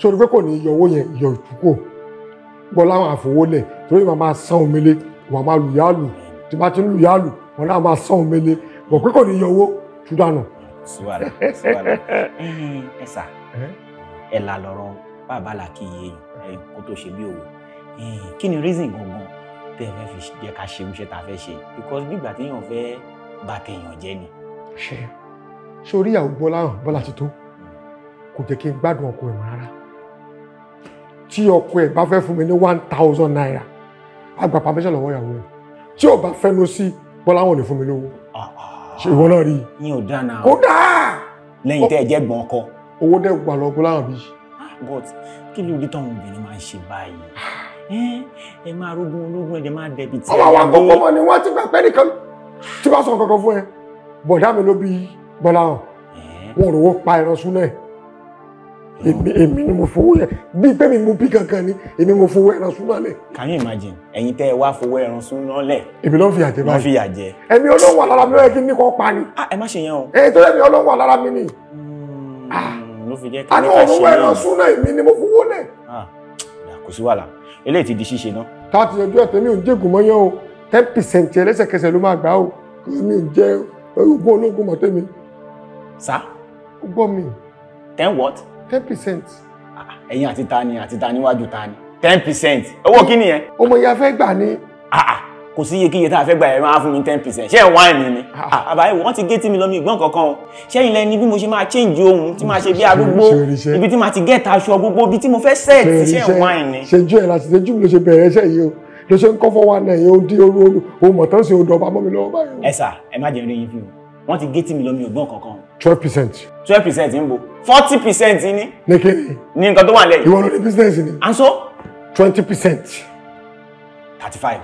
sórí pé kò ní yọ owó yẹn yọ ìtúkò gbọ́ láwọn àfowólẹ̀ torí màá máa san omele wàá máa lùyàlù tí bá ti ń lùyàlù wọn náà máa san omele bọ̀ pé kò ní yọ owó ṣùdánù. síwájú síwájú ẹ sà ẹ là lọ́rọ̀ bàbá là kí iye yìí kó tó ṣe bí òwò kí ni reason gangan tẹ́ ẹ fẹ́ fi jẹ́ ká ṣe iṣẹ́ tá a fẹ́ ṣe because bí ìgbà téèyàn fẹ́ bà tèèyàn jẹ́ ni. ṣe sórí ìyàwó bọ́lá hàn bọ́lá ti tó kò jẹ́ kí n gbádùn ọkọ ẹ̀ mọ́ rárá tí ọkọ ẹ̀ bá fẹ́ fún mi ní one thousand naira á gba permission lọ́wọ́ ìyàwó ẹ̀ tí ò bá fẹ́nu sí bọ́lá wọn ò ní fún mi lówó ah, ṣe ìwọ náà rí i. yín ò dáa náà kó dáa. lẹ́yìn tẹ́ ẹ jẹ́ gbọ́n ọkọ. owó dẹ́ gbà lọ bọ́lá hàn bí. Ah, but kí ló dé táwọn obìnrin máa ń ṣe báyìí ah. ẹ máa rógun ológun ẹ dẹ máa dẹbi tí. ọmọ àwọn àkọ́kọ́ mọ ni wọ́n ti gbà pẹ́ nìkan tí wọ́n sọ kankan fún ẹ bọ̀dá mi ló bí i bọ́lá hàn wọn ò rówó pa ẹran súnlẹ̀ èmi èmi ni mo fowó yẹ bí pẹ́mi mo bí kankan ni èmi mo fowó ẹran súnlẹ̀ lẹ̀. can you imagine ẹ̀yin tẹ́ ẹ wá fowó ẹran súnlẹ̀ lẹ̀. èmi ló ń fi àjẹ báyìí ló ń fi àjẹ. ẹ̀mí ọlọ́wọ́ alára mi ló yẹ kí n ní kọ́ pa ni. ah ẹ má ṣe yẹn o. ẹ tó lẹ́mi ọlọ́wọ́ alára mi ni. Hmm, ah. ló fi jẹ́ kí n ní ká ṣe yẹn. àná òun ẹran súnlẹ̀ èmi ni mo fowó lẹ̀. Ah, kò sí wàhálà eléyìí ti di ṣíṣe ná. ká ti yanjú ẹ̀ tẹ́mi ò ń jẹ́gùn mọ́yán o ten percent ẹlẹ́sẹ̀kẹsẹ̀ ló máa gbà o mi ò jẹ́ Sir, ó gbọ́ mi. ten what. ten percent. Ah, ẹ̀yin àti ta ni àti ta níwájú ta ni ten percent owó kí nìyẹn. ọmọ ìyá fẹ́ gbà ni. Ah, ah, kò sí iyekíye tá a fẹ́ gbà ẹ̀ máa fún mi ten percent ṣé ẹ̀ wá ẹ̀mí ni. àbá ẹ̀ wọ́n ti gé tí mi lọ mi ìgbọ́n kankan o ṣẹ́yìn lẹ́ni bí mo ṣe máa change ohun tí máa ṣe bí arúgbó ibi tí máa ti get aṣọ gbogbo ibi tí mo fẹ́ set ṣé ẹ̀ wá ẹ̀ ni. ṣèjú ẹ̀ láti ṣèjú mi ló ṣe bẹ̀rẹ̀ iṣẹ́ yìí o ló ṣe ń kọ́ fọ́ wa náà yẹn ó dín orú orú ohun mọ̀tán sí odò ọba twelve percent. twelve percent ń bo forty percent ní. ní kíni. ní nǹkan tó wà lẹ́yìn. ìwọ ló ní business ni. and so. twenty percent. thirty five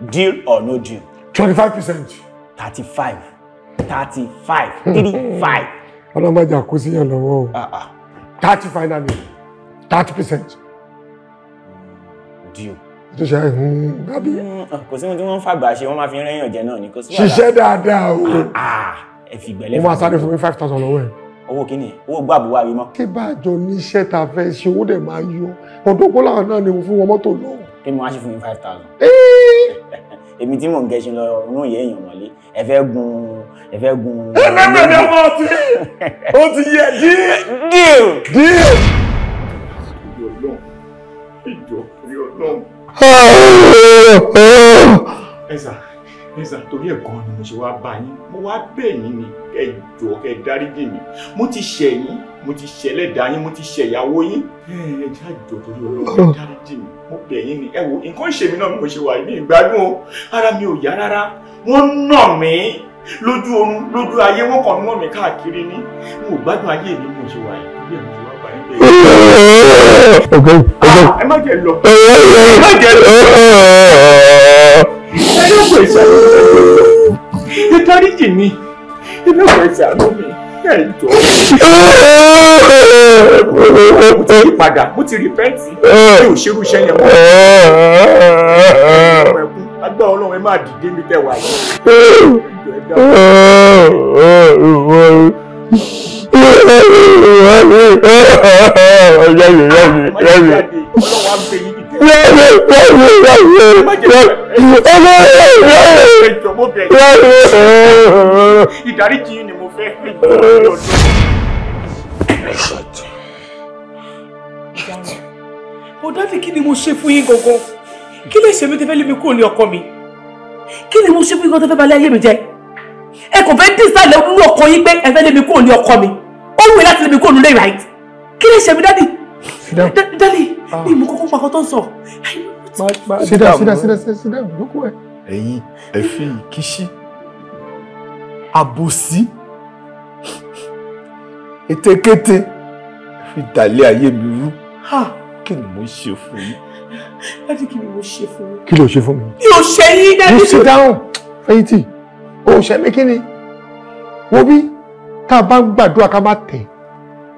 deal or no deal. twenty five percent. thirty five thirty five hmm. thirty five. ọlọ́mọdé àkóso-yàn lọ́wọ́ o. Ah, ah. thirty finally thirty percent. deal tó ṣe àbí. Hmm, hmm, kò sí ohun tí wọ́n ń fàgbà ṣe wọ́n máa fi rẹ́yìn ọ̀jẹ̀ náà ni kò sí wàhálà. ṣiṣẹ́ dáadáa o. Ah, ẹ fi gbẹ̀lẹ́ fún mi. mo máa sáré fún mi five thousand lọ́wọ́ ẹ̀. owó kíni owó gbọ́ àbúwá rí mọ́. kí bá a jọ ní iṣẹ́ ta fẹ́ ṣe owó dẹ̀ máa yọ ọdún kó láwọn náà ni mo fún wọn mọ́tò lọ. kí mo wá ṣe fún mi five thousand. èmi tí mò ń gẹṣin lọ inú ìyá èèyàn mọ̀lé ẹ fẹ́ gun ẹ fẹ́ gun. ẹ mẹ́rin ni ọmọ ti ó ti yẹ díẹ̀ díẹ̀ díẹ̀. ìjọ ìjọ ìjọ ọlọ́run. Ah! ẹ sà ẹ̀sà torí ẹ̀ gan ni mo ṣe wá bá yín mo wá bẹ̀ yín ni kẹ́ ẹ jọ̀ọ́ kẹ́ ẹ dáríjì mi mo ti ṣẹ̀ yín mo ti ṣẹlẹ́dà yín mo ti ṣẹ̀ ìyàwó yín ẹ jẹ́ àjọ torí ọlọ́run dáríjì mi mo bẹ̀ yín ni ẹ wo nǹkan ṣèmi náà mo ṣe wà ní ìgbádùn o ara mi ò yá rárá wọ́n nà mí lójú oorun lójú ayé wọ́n kàn ń mi káàkiri ni mo ò gbádùn ayé mi mo ṣe wà yìí bí ẹ̀ mo wá bá yín bẹ̀ yín. Ah, ẹ má jẹ lọ ẹ má jẹ lọ ẹlẹ́kùn ìṣàánú mi ìdáríjì mi ẹlẹ́kùn ìṣàánú mi ẹ̀jọ̀ mo ti yí padà mo ti rìpẹ́ǹtì mi ò ṣerú iṣẹ́ yẹn mọ́ agbá ọlọ́run ẹ máa dìde mi tẹ̀ wáyé ń bẹ yín ìdáríjì yìí ni mo fẹ́ mo dáàdì kí ni mo ṣe fún yín gangan kí lè ṣe mi tẹ́fẹ́ lébi kúrò ní ọkọ mi kí ni mo ṣe fún yín gangan tẹ́fẹ́ balẹ̀ ayé mi jẹ́ ẹ kò fẹ́ dísàlẹ̀ nínú ọkọ yín pé ẹ fẹ́ lébi kúrò ní ọkọ mi ó wù láti lébi kúrò nílé right kí lè ṣe mi dáàdì dálẹ̀ ah. mi mú kókó pàkọ́ tó ń sọ. sídà sídà sídà sídà lóko ẹ. ẹ̀yin ẹ̀fín kìsì àbòsí ètekéte fi dàlẹ́ ayé mi rú kí ni mo ṣe fún yín. dájú kí ni mo ṣe fún yín. kí ló ṣe fún mi. mi ò ṣe yín dájú. mo ṣe fẹ́yìntì o ò ṣe mí kí ni wo bí tá a bá ń gbàdúrà ká má tẹ̀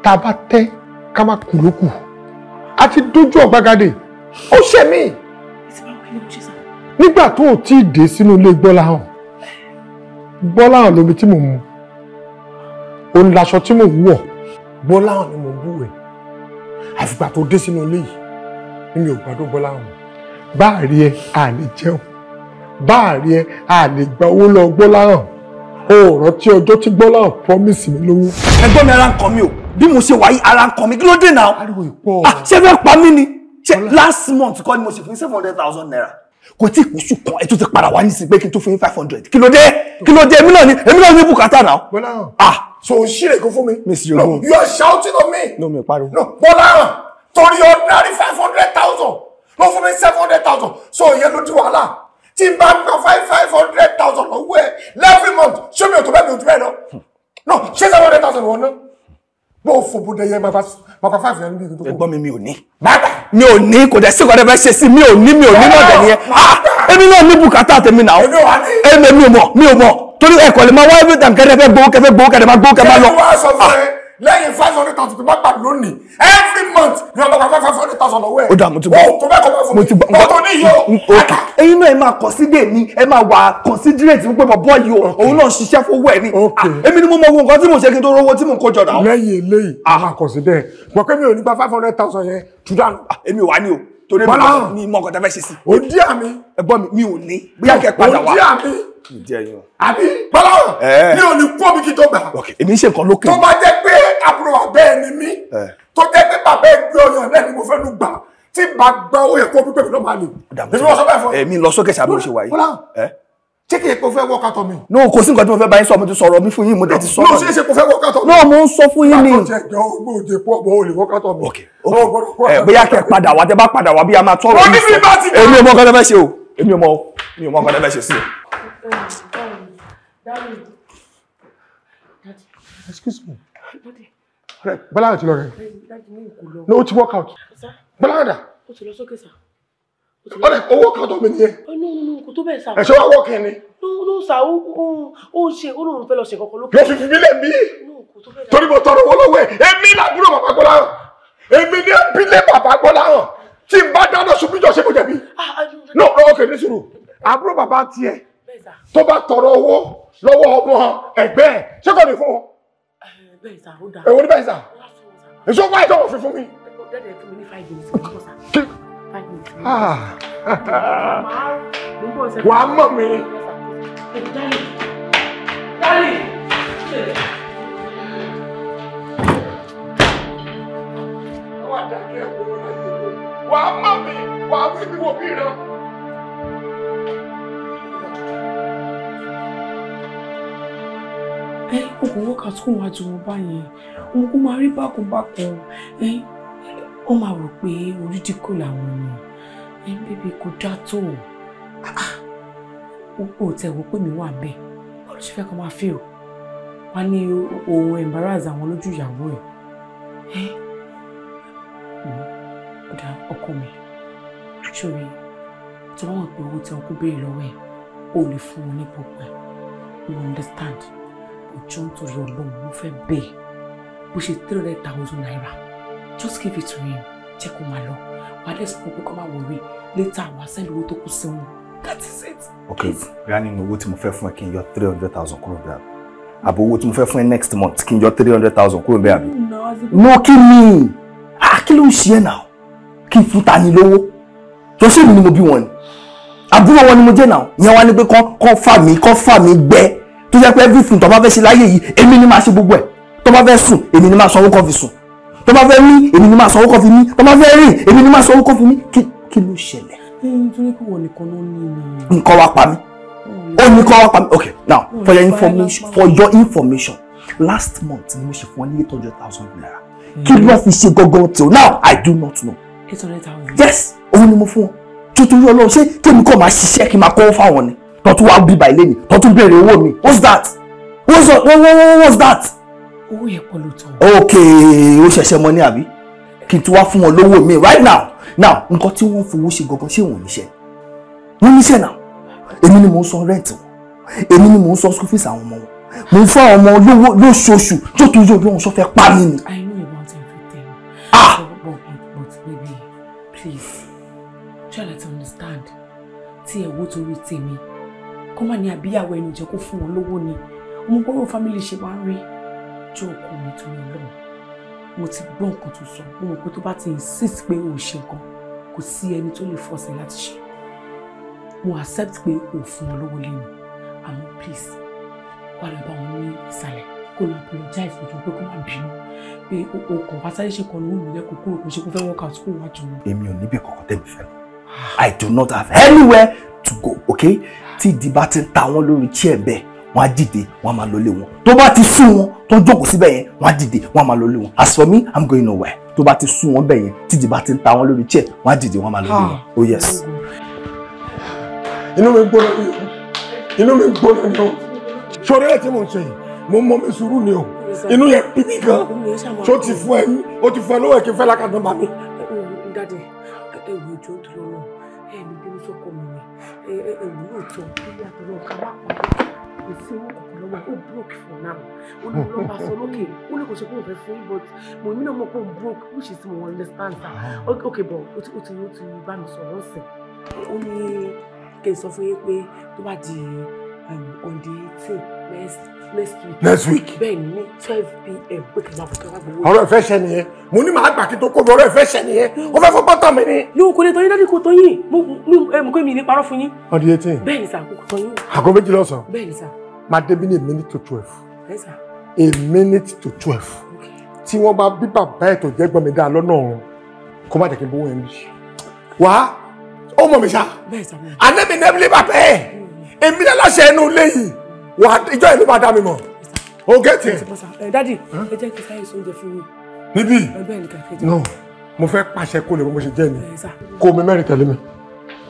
tá a bá tẹ́ ká má kù lókù a ti dójú ọ̀gbagadè ó ṣe mí. nígbà tó o tí ì dé sínú ilé gbọ́láhàn gbọ́láhàn lomi tí mò ń mu òun laṣọ tí mò ń wọ̀ gbọ́láhàn ni mò ń búwẹ̀ àfìgbà tó dé sínú ilé yìí ni mi ò gbádùn bá a rí ẹ a lè jẹun bá a rí ẹ a lè gba owó lọ gbọ́láhàn o rántí ọjọ́ tí gbọ́láhàn promise mi lówó. ẹgbọ́n mi ara ń kọ́ mi o bí mo ṣe wà yí ara ń kàn mí kí ló dé náà. ariwo ah, ṣé fẹ́ pa mí ni last month kọ́ ni mo ṣe fún seven hundred thousand naira kò tí kò sùn kan ẹ tún ti padà wá ní sí kí n tún fún yín five hundred kí ló dé kí ló dé èmi náà ni èmi náà ni bukata náà. bọ́lá hàn ah. so o ṣí èkó fún mi. miss yorùbá no you are shouting on me. no mi ò pariwo. no bọ́lá hàn torí ordinary five hundred thousand ló fún mi seven hundred thousand so ìyẹn ló di wàhálà tí n bá gba five five hundred thousand lọ́wọ́ ẹ every month ṣé mi ò tó bẹ́ẹ̀ mi ò tó bẹ́ẹ̀ lọ. Hmm. no ṣé seven hundred thousand wọ̀ náà bó fò bó dẹyẹ bàbá fáfì yẹn níbi ìlú tó kù. ẹ̀gbọ́n mi mi ò ní. bàbá mi ò ní kò dẹ̀ sí kò ṣe sí mi ò ní mi ò ní náà dẹ̀ nìyẹn ah, èmi náà ní bùkátà tèmi náà èmi ò mọ̀ mi ò mọ̀ torí ẹ̀kọ́ lè máa wá every time kẹ́rẹ́ fẹ́ gbowó kẹ́fẹ́ gbowó kẹ́rẹ́ máa gbowó kẹ́rẹ́ máa lọ. kẹ́rẹ́ wá sọ fún ah. ẹ lẹ́yìn five hundred thousand tó bá gbà lónìí every month ni ọba gba five hundred thousand lọ́wọ́ ẹ̀. ó dà mo ti gbọ́ o kò bẹ́ẹ̀ kọ́ bẹ́ẹ̀ fún mi mo tó ní yìí o. Mm, mm, ẹ̀yin náà ẹ máa consider mi ẹ máa wà considerate wípé bọ̀bọ̀ yìí o òun náà ṣiṣẹ́ fowó ẹ̀ ni ah, èmi ni mo mọ owó nǹkan tí mo ṣe kí n tó rówó tí mo kó jọ náà. lẹ́yìn eléyìí ah. a máa consider gbọ́ pé mi ò ní gba five hundred thousand yẹn tú dànù. Ah, èmi wà ní o torí mi mọ nǹkan tẹ́ fẹ́ ṣe sí. ò àbí bọ́láwọ̀ mi ò ní kú omi kí tó gbà. èmi ń ṣe nǹkan lókè. tó bá jẹ́ pé àbúrò àbẹ́ ẹ̀ ni mí tó jẹ́ pé bàbá ẹ̀ gbé ọyàn lẹ́nu mo fẹ́ lù gbà tí bá gbá owó yẹ kó pípẹ́ mi ló máa lè. èmi wọ́n sọ bẹ́ẹ̀ fún ẹ. èmi lọ sókè sàbí òṣèwà yìí. ṣé kìí kò fẹ́ wọ́ọ̀kà tọ̀ mi. no kò sí nǹkan tí mo fẹ́ bá sọ mo ti sọ̀rọ̀ mi fún yín mo dẹ̀ ti sọ. no ṣe é ṣe kò fẹ́ wọ́ọ̀kà tọ̀ mi. no mo ń sọ fún yín ni. látọ̀jẹ̀ jọ gbòde pọ̀ bọ̀ olè wọ́ọ̀kà tọ̀ mi. ok ok ẹ bóyá kẹ́ padà wá tẹ́ bá padà wá bí a máa tọrọ. wọ́n ní bí bá ti dá. èmi ò mọ nǹkan tẹ́ fẹ́ ṣe o èmi ò mọ nǹkan tẹ́ fẹ́ ṣe sí o. Excuse me. Bọ́láhàn ti lọ rẹ̀. No, to ti work out. Bọ́láhàn dà. Ó ti lọ sókè sà. Ó lẹ̀ ó work out ọmọ ènìyàn. Ó ní òun kò tó bẹ́ẹ̀ sà. Ẹ̀ṣọ́ wa work in ni. No sà ó ó ṣe ó lóun fẹ́ lọ ṣe kankan lókè. Yóò fi fi mí lẹ̀ mí. Torí mo tọrọ owó lọ́wọ́ ẹ̀. Èmi làbúrò bàbá Bọ́láhàn. Èmi ni ẹbí lé bàbá Bọ́láhàn. Tí n bá dáná sun bíjọ́ ṣe mo jẹ̀bi. Ah, ah, no, ok, ní sùúrù. Àbúrò bàbá tiẹ̀ tó bá tọrọ owó lọ́wọ́ ọmọ ẹgbẹ́ ẹ̀ ṣé kò ní fún wọn. èwo ni bẹ́ẹ̀ sà èso wáyé tó wọ́n fi fún mi. Ah. wàá mọ̀ mi. bá tún wájú wọn báyẹn wọn kó máa rí bákanbákan wọn máa rò pé orí díkò làwọn ni bébí kò dá tó o ó tẹ wọ pé mi wà bẹ́ẹ̀ wọn ló ṣe fẹ́ kó máa fẹ́ o wọn ní ohun embarrass àwọn lójú ìyàwó ẹ ọ̀dà ọkọ mi ṣòro tí wọ́n mọ̀ pé owó tí ọkọ béèrè lọ́wọ́ ẹ̀ ò lè fún wọn ní gbogbo ẹ̀ you understand ìjọ nítorí ọlọ́run mo fẹ́ bẹ́ẹ̀ bó ṣe three hundred thousand naira just give it to him jẹ́ kó máa lọ wàá dẹ̀ sọ fún pé kó má wọrí later wàá sẹ́ni owó tó kù sí wọn that is it. ok bí a nínú owó tí mo fẹ́ fún ẹ kí n yọ three hundred thousand kúrò bẹ́ẹ̀ àbò owó tí mo fẹ́ fún ẹ next month kí n yọ three hundred thousand kúrò bẹ́ẹ̀ àbí. no kí ni ah kí ló ń ṣe ẹ náà kí n fún ta ni lówó jọ́sẹ̀ mi ni mo bí wọn ni àbúrò wọn ni mo jẹ́ náà ìyẹn wá ní pé kọ́ fà mí kọ́ fà mí gbẹ́ tó jẹ́ pé everything tó bá fẹ́ ṣe láyé yìí èmi ni máa ṣe gbogbo ẹ̀ tó bá fẹ́ sùn èmi ni máa sanwó kan fi sùn tó bá fẹ́ mí èmi ni máa sanwó kan fi mí tó bá fẹ́ rìn èmi ni máa sanwó kan fi mí kí ló ṣẹlẹ̀. nítorí pé wọn nìkan ló ní ní. nǹkan wa pa mí ó ní kọ́ wa pa mí ok now for your information for your information last month ni mo ṣe fún ọ ní eight hundred thousand naira kí ló fi ṣe gangan till now i do not know. eight hundred thousand. yes òun ni mo fún ọ tuntun yọ lọ ṣé kí èmi kò máa ṣiṣẹ́ kí n máa kọ́ fáwọn ni tó tún wá bí báyìí lẹ́yìn tó tún béèrè owó mi what's that what's that what's that. owó yẹn kọ́ ló tán. ok ó ṣẹ̀ṣẹ̀ mọ ní àbí kí n tún wá fún wọn lówó mi right now now nǹkan tí wọ́n fowó ṣe gangan ṣé wọ́n níṣẹ́ wọ́n níṣẹ́ náà èmi ni mò ń san rent wọn èmi ni mò ń san school fees àwọn ọmọ wọn mo ń fún àwọn ọmọ lówó lóṣooṣù tó tó yóò lóhun sọ fẹ́ pa mí ni. I know about everything. ah but baby please try to understand tí ẹ wo torí me kọ́ mà ní àbíyàwó ẹnu jẹ́ fún wọn lówó ni ọmọ gbọ́rọ̀ fámìlì ṣe máa ń rí jọ ọkọ mi tó yọ lọ́wọ́ mo ti gbọ́ nǹkan tó sọ mo mọ̀ pé tó bá ti insist pé o ṣe nǹkan kò sí ẹni tó lè fọ́sẹ̀ láti ṣe mo accept pé o fún wọn lówó lẹ́nu àmọ́ please wà lọ bá wọn ní ìsàlẹ̀ kó lọ apologize fún jọ pé kó má bínú pé o kàn fásitì kan ní òmìnira kò kúrò kò ṣe kó fẹ́ work out kó wájú. èmi ò níbi kọ̀kọ́ tẹ̀mí fẹ́ ah. I do not have anywhere to go okay tí ìdí bá ti ń ta wọn lórí chair bẹ́ẹ̀ wọ́n á dìde wọ́n á máa lọlé wọn tó bá ti sún wọn tó jókòó síbẹ̀ yẹn wọ́n á dìde wọ́n á máa lọlé wọn as for me i'm going nowhere tó bá ti sún wọn bẹ́ẹ̀ yẹn tí ìdí bá ti ń ta wọn lórí chair wọ́n á dìde wọ́n á máa lọlé wọn oh yes. inú mi gbóná ni inú mi gbóná ni o sọ̀rọ̀ ẹ̀ tí mò ń ṣe yìí mo mọ mi sùúrù ni o inú yẹn pípí gan so ti fún ẹ o ti fún ẹ lọ́wọ́ ẹ̀ kí n fẹ́ lákàtúntà bá mi broke for now olùkọ́ bá sọ lókè ó ní but mo mi náà mọ̀ pé broke which is mo understand sir ah. ok but ó ti ó ti ó ti bá mi sọ̀rọ̀ ọ̀sẹ̀ ó ní kí n sọ fún yín pé um, on the eighteen next next week next week bẹ́ẹ̀ ni twelve pm pé kí n máa bọ̀ kí n máa gbowó. ọ̀rọ̀ ìfẹ́ ṣẹ nìyẹn mo ní màá gbà kí n tó kó mi ọ̀rọ̀ ìfẹ́ ṣẹ nìyẹn ó fẹ́ fọ́ pátá mi ni. yóò kò lè tọ́yìn dájú kò tọ́yìn mo mo ẹ̀ mọ̀ pé mi ní parọ́ fún yín. on the eighteen. bẹ́ẹ̀ ni sà kò tọ́yìn. àgọ́ méjì lọ́sàn-án. bẹ́ẹ̀ ni sà máa dé bí ní a minute to twelve a minute to twelve tí wọ́n bá bí bàbá ẹ̀ tó jẹ́ gbọ́n mi dáa lọ́nà ọ̀run kó má jẹ́ kí n bówó yẹn bí. wá ó mọ̀ mi sá anẹ́mi nẹ́bílẹ̀ bàbá ẹ̀ hmm. èmi náà láṣẹ ẹnu léyìí wà ìjọ ìlú bá dá mi mọ̀ o gẹ́tì ẹ̀. Eh, dádì ẹ jẹ́ kí sáyẹ̀sì oúnjẹ fún mi. níbí no mo fẹ́ pàṣẹ kó lè bó ṣe jẹ́ mi eh, kó omi mẹ́rin tẹ̀lé mi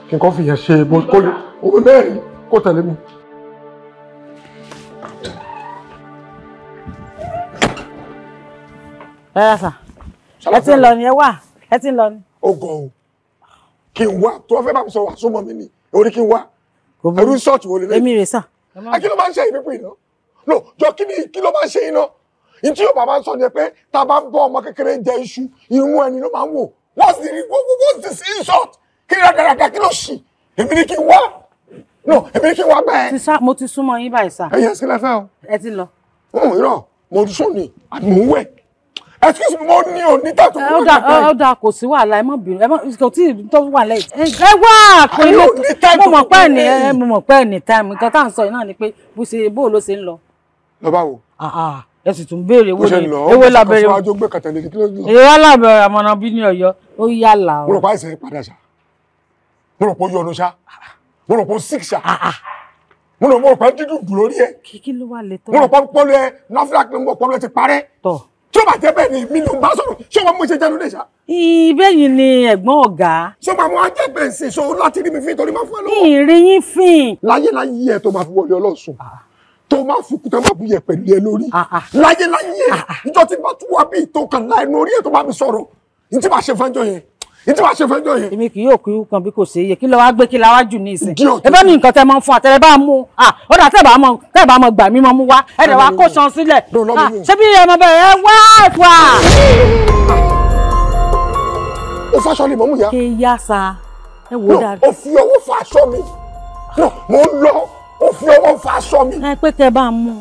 kí n kọ́ fìyà ṣe bó kó omi mẹ́rin kó tẹ̀lé mi. ẹ sà ẹ ti ń lọ ni ẹ wà ẹ ti ń lọ ni. ó gan o kí n wá tó wá fẹ́ bá mi sọ wàásù mọ́ mi ni orí kí n wá ẹrú sọ́ọ̀tù wo lélẹ́yìn. èmi rè sà. kí ló máa ń ṣe ìpínpín iná no jọ kí ni kí ló máa ń ṣe iná ìtí yóò bàbá sọ ni pé tá a bá ń bọ ọmọ kékeré jẹ iṣu irun ẹni ló máa ń wò what's the what's this insult kí ni rádaràdà kí ló ṣì èmi ni kí n wá no èmi ni kí n wá bẹ́ẹ̀. ti sá mo ti súnmọ́ yín báyìí sá. ẹyẹ sílẹ̀ fẹ́ o. ẹ ti lọ. irọ́ mo sùn ni àmì òun wẹ̀ excuse me mo ní òní tàtó kúrò nípa ẹ. ọ̀dà kò sí wàhálà ẹ mọ̀ bínú ẹ mọ̀ kò tí ì tó wà lẹ́yìn. ẹ wá àpèlé mo mọ̀ pé ẹni ẹ mo mọ̀ pé ẹni táìmù nǹkan tá à ń sọ yìí náà ni pé bó ṣe bó ló ṣe ń lọ. lọ bá wo. ẹ sì tún béèrè owó ni owó lábẹ́rẹ́ wọn. oṣù kọ̀ọ̀ṣọ́ ìwà lábẹ́rẹ́ àmọ́nà bí ní ọ̀yọ́ ó yà là ó. mo rò pé àìsàn padà ṣá mo rò pé ó yọnu ṣá mo rò pé ó sick ṣá mo rò pé dídùn dùn lórí ẹ mo rò pé pọ́lú ẹ nafdac ló ń bọ̀ pọ́lú ẹ ti parẹ́ tó bá jẹ́ bẹ́ẹ̀ ni mi ló ń bá sọ̀rọ̀ ṣé wọn mú ṣe jẹnu léṣà. ìbẹ́yìn ni ẹ̀gbọ́n ọ̀gá. ṣé màmú ajẹ́gbẹ̀ ń sìn so láti rí mi fín torí máa fún ẹ lọ́wọ́. ìrì yín fín. láyé láyé ẹ tó máa fi wọlé ọlọ́sùn ah. tó máa fi kúta máa bu yẹ pẹ̀lú ẹ lórí ah, ah. láyé láyé ẹ ìjọ tí bá tún wá bí ìtò kan láì lórí ẹ tó bá mi sọ̀rọ̀ ní tí màá ṣe fájọ yẹn ìtí wàá ṣe fẹ́ jọ yẹn. èmi kì yóò kú kan bí kò ṣe é yẹ kí lọ wá gbé kí la wá jù ní ìsìn. ẹ bá ní nǹkan tẹ mọ fún àtẹrẹ bá mú à ó dà tẹ bá mọ tẹ bá mọ gbà mí mọ mú wá ẹ dẹ wá kó san sílẹ̀ ṣé bí ẹ mọ bẹ̀rẹ̀ ẹ wá ẹ̀fọ́ à. ó fàṣọ ni mò ń yá. ké yá sa ẹ wò dáadáa. ó fi ọwọ́ fa aṣọ mi mò ń lọ ó fi ọwọ́ fa aṣọ mi. ẹ pé kẹ bá mú.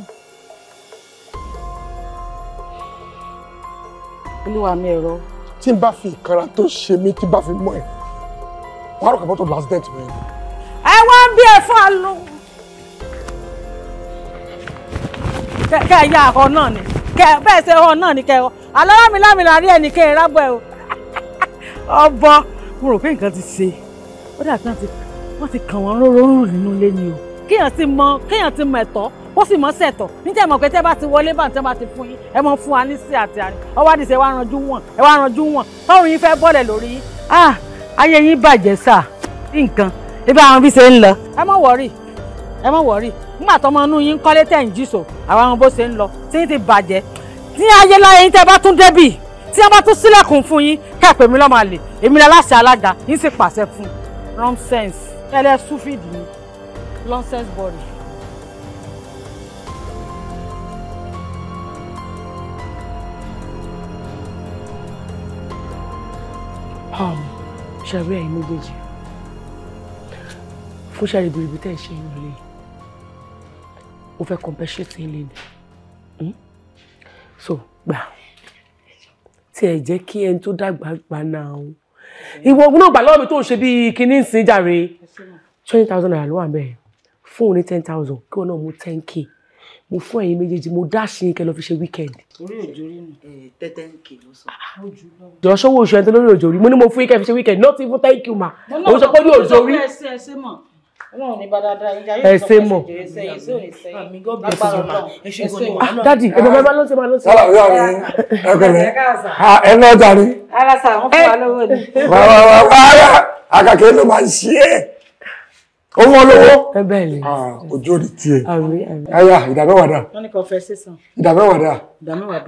olúwa mi ẹ̀rọ tí n bá fi ìkanra tó ṣe mí tí n bá fi mọ ẹ wàá rọkàn bọ́tò last dent mi. ẹ wá bí ẹ fún alu. kẹ ya ọ̀họ́ náà ni kẹ bẹ́ẹ̀ ṣe ọ̀họ́ náà ni kẹ ọ alárámilámi la rí ẹnì kẹ ẹ rábọ̀ ẹ o ọbọ mo rò pé nǹkan ti ṣe ó dà bí ti kàn wọ́n róró nínú ilé ni o kéèyàn ti mọ kéèyàn ti mọ ẹ̀tọ́ kó sì mọ́ sẹ̀tọ̀ níjẹ́ mọ̀ pé tẹ́ bá ti wọlé bá tẹ́ bá ti fún yín ẹ mọ̀ fún wa ní sí àti àní ọwọ́ àdìsẹ́ wa ranjú wọ̀n ẹ wa ranjú wọ̀n tọ́run yín fẹ́ bọ́lẹ̀ lórí yín ah ayé yín bàjẹ́ sà sí nǹkan ibà àwọn bí ṣe ń lọ. ẹ mọ̀ wọ̀rì ẹ mọ̀ wọ̀rì nígbà tọmọ inú yín kọ́lé tẹ̀ ń jìṣò àwọn àwọn bó ṣe ń lọ tí yín ti bàjẹ́ tí ayé láyé yín tẹ́ bá tún débì tí wọ́n bá tún sílẹ̀kùn fún yín kẹ́pẹ́ mi lọ́mọ àlè èmi láláṣẹ alága yín sì pàṣẹ fún nonsense ẹlẹ́sùfìdì nonsense body. ṣàbí ẹ̀yin méjèèjì fún ṣàrí bèrèbè tẹ́ ẹ̀ ṣe ń lè o fẹ́ compensate ilé ni hmm? so gbà tí ẹ jẹ́ kí ẹni tó dàgbà gbà náà o ìwọ ogun náà gbà lọ́wọ́ mi tó ń ṣe bí kinní ń jàre twenty thousand naira ló wà bẹ́ẹ̀ fóun ní ten thousand kí wọn náà mú ten k mo fún ẹ̀yin méjèèjì mo dá sí kẹ́ lọ fi ṣe weekend. orí òjò rí nù. tẹ́tẹ́ ń kè ló sọ. Ah, ah. jọ sọwọ oṣù ẹni tó lórí òjò rí mo ní mo fún yín kẹ́ fi ṣe weekend not even thank you ma. mo sọ pé ní òjò ẹ ṣe mọ. dadi ẹ bẹ ah, bá lọ́sẹ̀ bá lọ́sẹ̀. wàhálà yóò àwọn ẹgbẹ̀rẹ̀ ẹ lọ́ọ́ darí. ara sà wọ́n ni. wàhálà wàhálà ló máa ń ṣe é owó olówó ojú òdì tiẹ̀ ẹ̀yà ìdàmẹ́wàdà ìdàmẹ́wàdà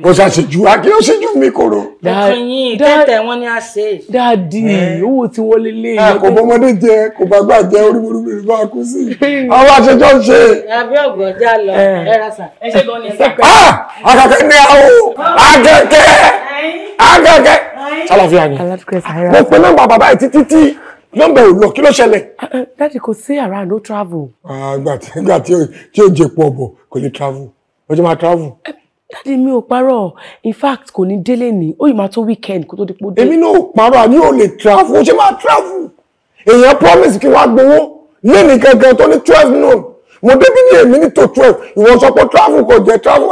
bó ṣe àṣejù akí ó ṣe jù mí koro. ìtúnyìn tẹ́tẹ̀ wọn ni a ṣe. dáàdì owó tí wọ́n lé lé. kò bọ́mọdé jẹ kò bàgbà jẹ oríburú mi bá kú sí i àwọn àṣejọ ń ṣe. àbí ọ̀gbọ̀njà lọ ẹ ra sà ẹ ṣe gan ni sà. akẹ́kẹ́ ah, ní àwọ̀ akẹ́kẹ́ akẹ́kẹ́ sálàfíà ni mo pe nọ́mbà bàbá ẹ̀ títí tí nọ́mbà ò lọ kí ló ṣẹlẹ̀. Ah, eh, dáàdì kò sí ara no travel. àgbà ah, tí ìgbà Ti, ó jẹ pọ̀ bọ̀ kò ní travel ó jẹ́ máa travel. Eh, dáàdì mi ò parọ́ in fact kò ní délé ní ó yìí máa tó weekend kó tó di pò dé. èmi náà ò parọ́ àní ò travel ó ṣe máa travel èèyàn promise kí wàá gbowó lẹ́nu gangan tó ní twelve noon mo débi ní èmi ní tó twelve ìwọ sọ pé travel kò jẹ travel.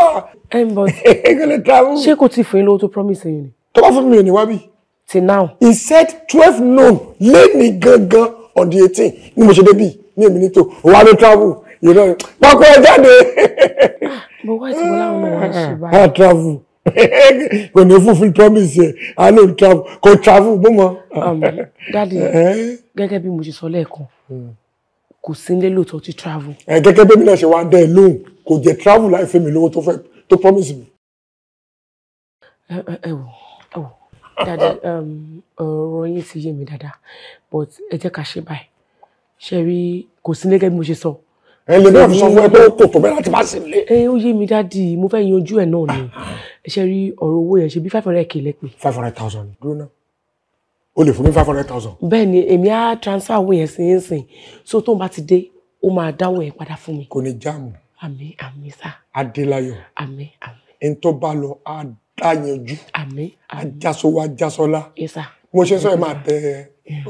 ẹ ń bọ̀ ṣé travel. tí ì fún yín lówó tó promise yín ni. tó bá fún mi ò ní wá bí till now. he said twelve noon lẹ́ni gangan on the eighteen ni mo ṣe débi ní èmi ní tó wà ló travel you know pákó ẹ jáde. mo wá ìtìwọ́ láwọn ọmọ wa ṣe báyìí. i travel kò ní fulfill promise yẹn i no travel kò travel bó mọ. Um, dadi eh? gẹ́gẹ́ bí mo ṣe sọ lẹ́ẹ̀kan kò sí nílé lóòótọ́ ti travel. ẹ eh, gẹ́gẹ́ bí mi náà ṣe wá dẹ́ lóhùn kò jẹ́ travel láì fẹ́ mi lówó tó fẹ́ tó promise mi. ẹ ẹ wò dadi um, ọ̀rọ̀ yín ti yé mi dáadáa but ẹ jẹ́ ká ṣe báyìí ṣe rí kò sí gẹ́gẹ́ bí mo ṣe sọ. ẹ lè bẹ́ẹ̀ sọ fún ẹ pé kò tó bẹ́ẹ̀ láti bá sí ilé. ẹ ó yé mi dádì mo fẹ́ yanjú ẹ̀ náà ni ṣe rí ọ̀rọ̀ owó yẹn ṣe bí five hundred k lẹ́pẹ́. five hundred thousand dúró náà o lè fún mi five hundred thousand. bẹ́ẹ̀ ni èmi á transfer owó yẹn sí yín sìn so tóun bá ti dé ó máa dáwọ́ yẹn padà fún mi. kò ní jáàmù. àmín àmín sá. adélayọ̀. àmín àmín. n tó a yanjú àjàsowó àjàsọlá mo ṣe sọ ẹ máa tẹ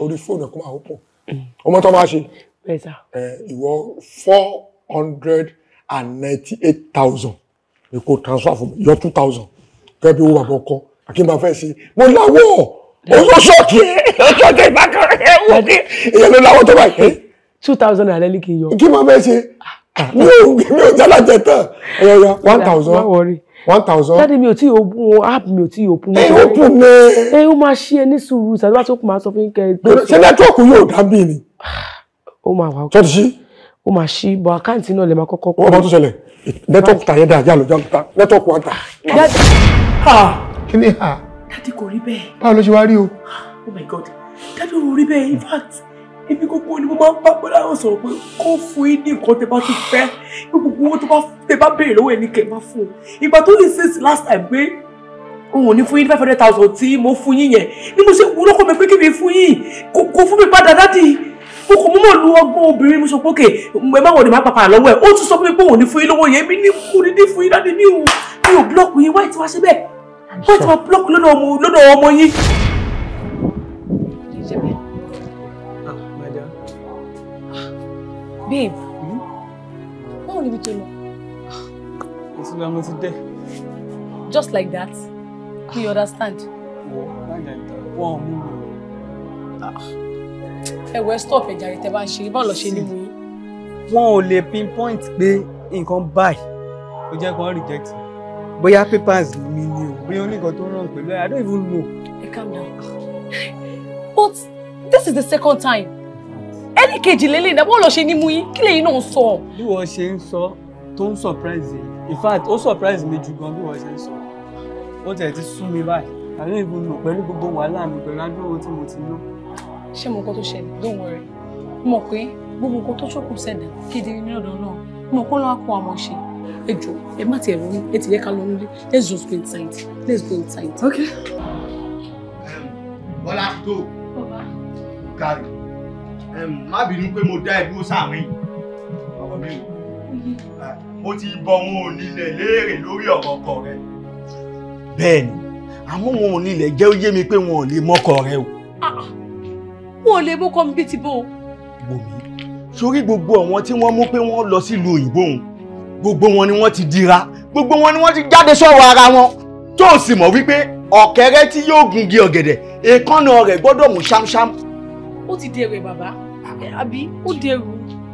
orí fóònù kó máa hópò mm. ọmọ tó máa ṣe ìwọ four hundred and ninety eight thousand èkó transfer fún mi yọ two thousand gẹ́gẹ́ bí owó bàbá ọkọ akínbáfẹ́ sí mo láwọ̀ owó ṣọ́ọ̀kì ẹ̀ ọjọ́ tẹ ìbákan ẹ̀ wò ní ìyẹn ló láwọ̀ tó báyìí. two thousand alẹ́ ní kí n yọ. kí n máa fẹ́ ṣe ah. mi ò mi ò jálàjẹ tán one thousand one thousand. jáde mi ò tí ì open app mi ò tí ì open. ẹ ó dùn mí. ẹ ó máa ṣí ẹ ní sùúrù tàbí wàá tó kù máa sọ fún kẹ. ṣé nẹ́tíwọ̀kì yóò dá bí ni. o ah, máa wà ó. sọ́ọ́tì sí. ó máa ṣí bọ̀ àkáǹtì náà lè máa kọ́kọ́ kọ́. ó máa tún ṣẹlẹ̀ nẹ́tíwọ̀kì tàyẹ̀ dà yálò jálò ta nẹ́tíwọ̀kì wọn tà. kí ni ha. dádì kò rí bẹ́ẹ̀. báwo ló ṣe wá rí o. oh my god dádì ò rí bẹ́ẹ̀ in fact ibi gbogbo ni mo máa ń bá bọ́lá yóò sọ̀rọ̀ pé kó fún yín ní nǹkan tẹ bá tún fẹ́ pé gbogbo owó tó bá tẹ bá béèrè lọ́wọ́ ẹ̀ ní kẹ́ ẹ máa fún un ìgbà tó lè ṣe sí last time pé n ò ní fún yín five hundred thousand tí mo fún yín yẹn ni mo ṣe wúlò kọ́ mi pé kí mi fún yín kò fún mi padà dádì mo kò mú mọ̀ lu ọgbọ́n obìnrin mo sọ pé òkè ẹ má wọ̀ ní má pàpà lọ́wọ́ ẹ̀ ó tún sọ fún mi pé òun ní fún yín lọ́wọ́ yẹn mi ní kú ní fún yín dádì mi ò mi ò búlọ́ọ̀kù yín wáyé tí wàá ṣe bẹ́ẹ̀ wáyé tí wàá búlọ́ọ̀kù lọ́dọ̀ ọmọ yín. babe báwo níbi tó lọ. kò sí lọ́mọ ti dẹ́. just like that you understand. wọ́n lájà ìta wọ́n mú mi. Ah. ẹ̀wẹ̀ stop ẹ̀jà rẹ̀ tẹ́ bá ń ṣe báwo lọ ṣe ní mú yín. wọn ò lè pinpoint pé nǹkan báyìí ó jẹ́ kan reject bóyá papers mi ni o bóyá oníkan tó ràn pẹ̀lú ẹ̀ i don't even know. ẹ calm down but this is the second time ẹnì kejì lélẹ̀ náà bọ́ọ̀lù ṣe ní mú yín kí lẹ́yìn náà ń sọ. bí wọ́n ṣe ń sọ tó ń surprise me. in fact ó surprise me. jù gan bí wọ́n ṣe ń sọ ó tẹ̀ ti sún mi báyìí àlọ́ ìbùn nù pẹ̀lú gbogbo wàhálà mi pẹ̀lú adúrówó tí mo ti ná. ṣé mo kọ́ tó ṣẹlẹ̀ don't worry mo mọ̀ pé gbogbo nǹkan tó ṣòkò ṣẹ̀dá kedere ní ọ̀dọ̀ náà mo kọ́ lọ́wọ́ kó àmọ́ ṣe ẹ jọ ẹ má tiẹ̀ ronú ẹ ti yẹ ká lọ nílé let's just um, go inside let's go inside. okay. bọ́lá tó kárí má bínú pé mo dá ẹdúró sáàrin ọ̀rọ̀ mi o ah, mo ti bọ wọn ò nílẹ̀ léèrè lórí ọ̀rọ̀ ọkọ rẹ. bẹ́ẹ̀ni àmọ́ wọn ò nílẹ̀ ó yé mi pé wọn ò lè mọ́kọ rẹ o. Ah, ah. wọn ò lè mọ́kọ mi bí ti bó. wòmí sórí gbogbo àwọn tí wọ́n mú pé wọ́n lọ sílùú òyìnbó òun gbogbo wọn ni wọ́n ti dira gbogbo wọn ni wọ́n ti jáde sọ́wọ́ ara wọn tó o sì mọ̀ wípé ọ̀kẹ́rẹ́ tí yóò gungi ọ̀gẹ̀dẹ̀ èékánná rẹ̀ gbọ́dọ̀ mú ṣámṣám o ti dẹrù ẹ bàbá ah, eh, àbí ó dẹrù.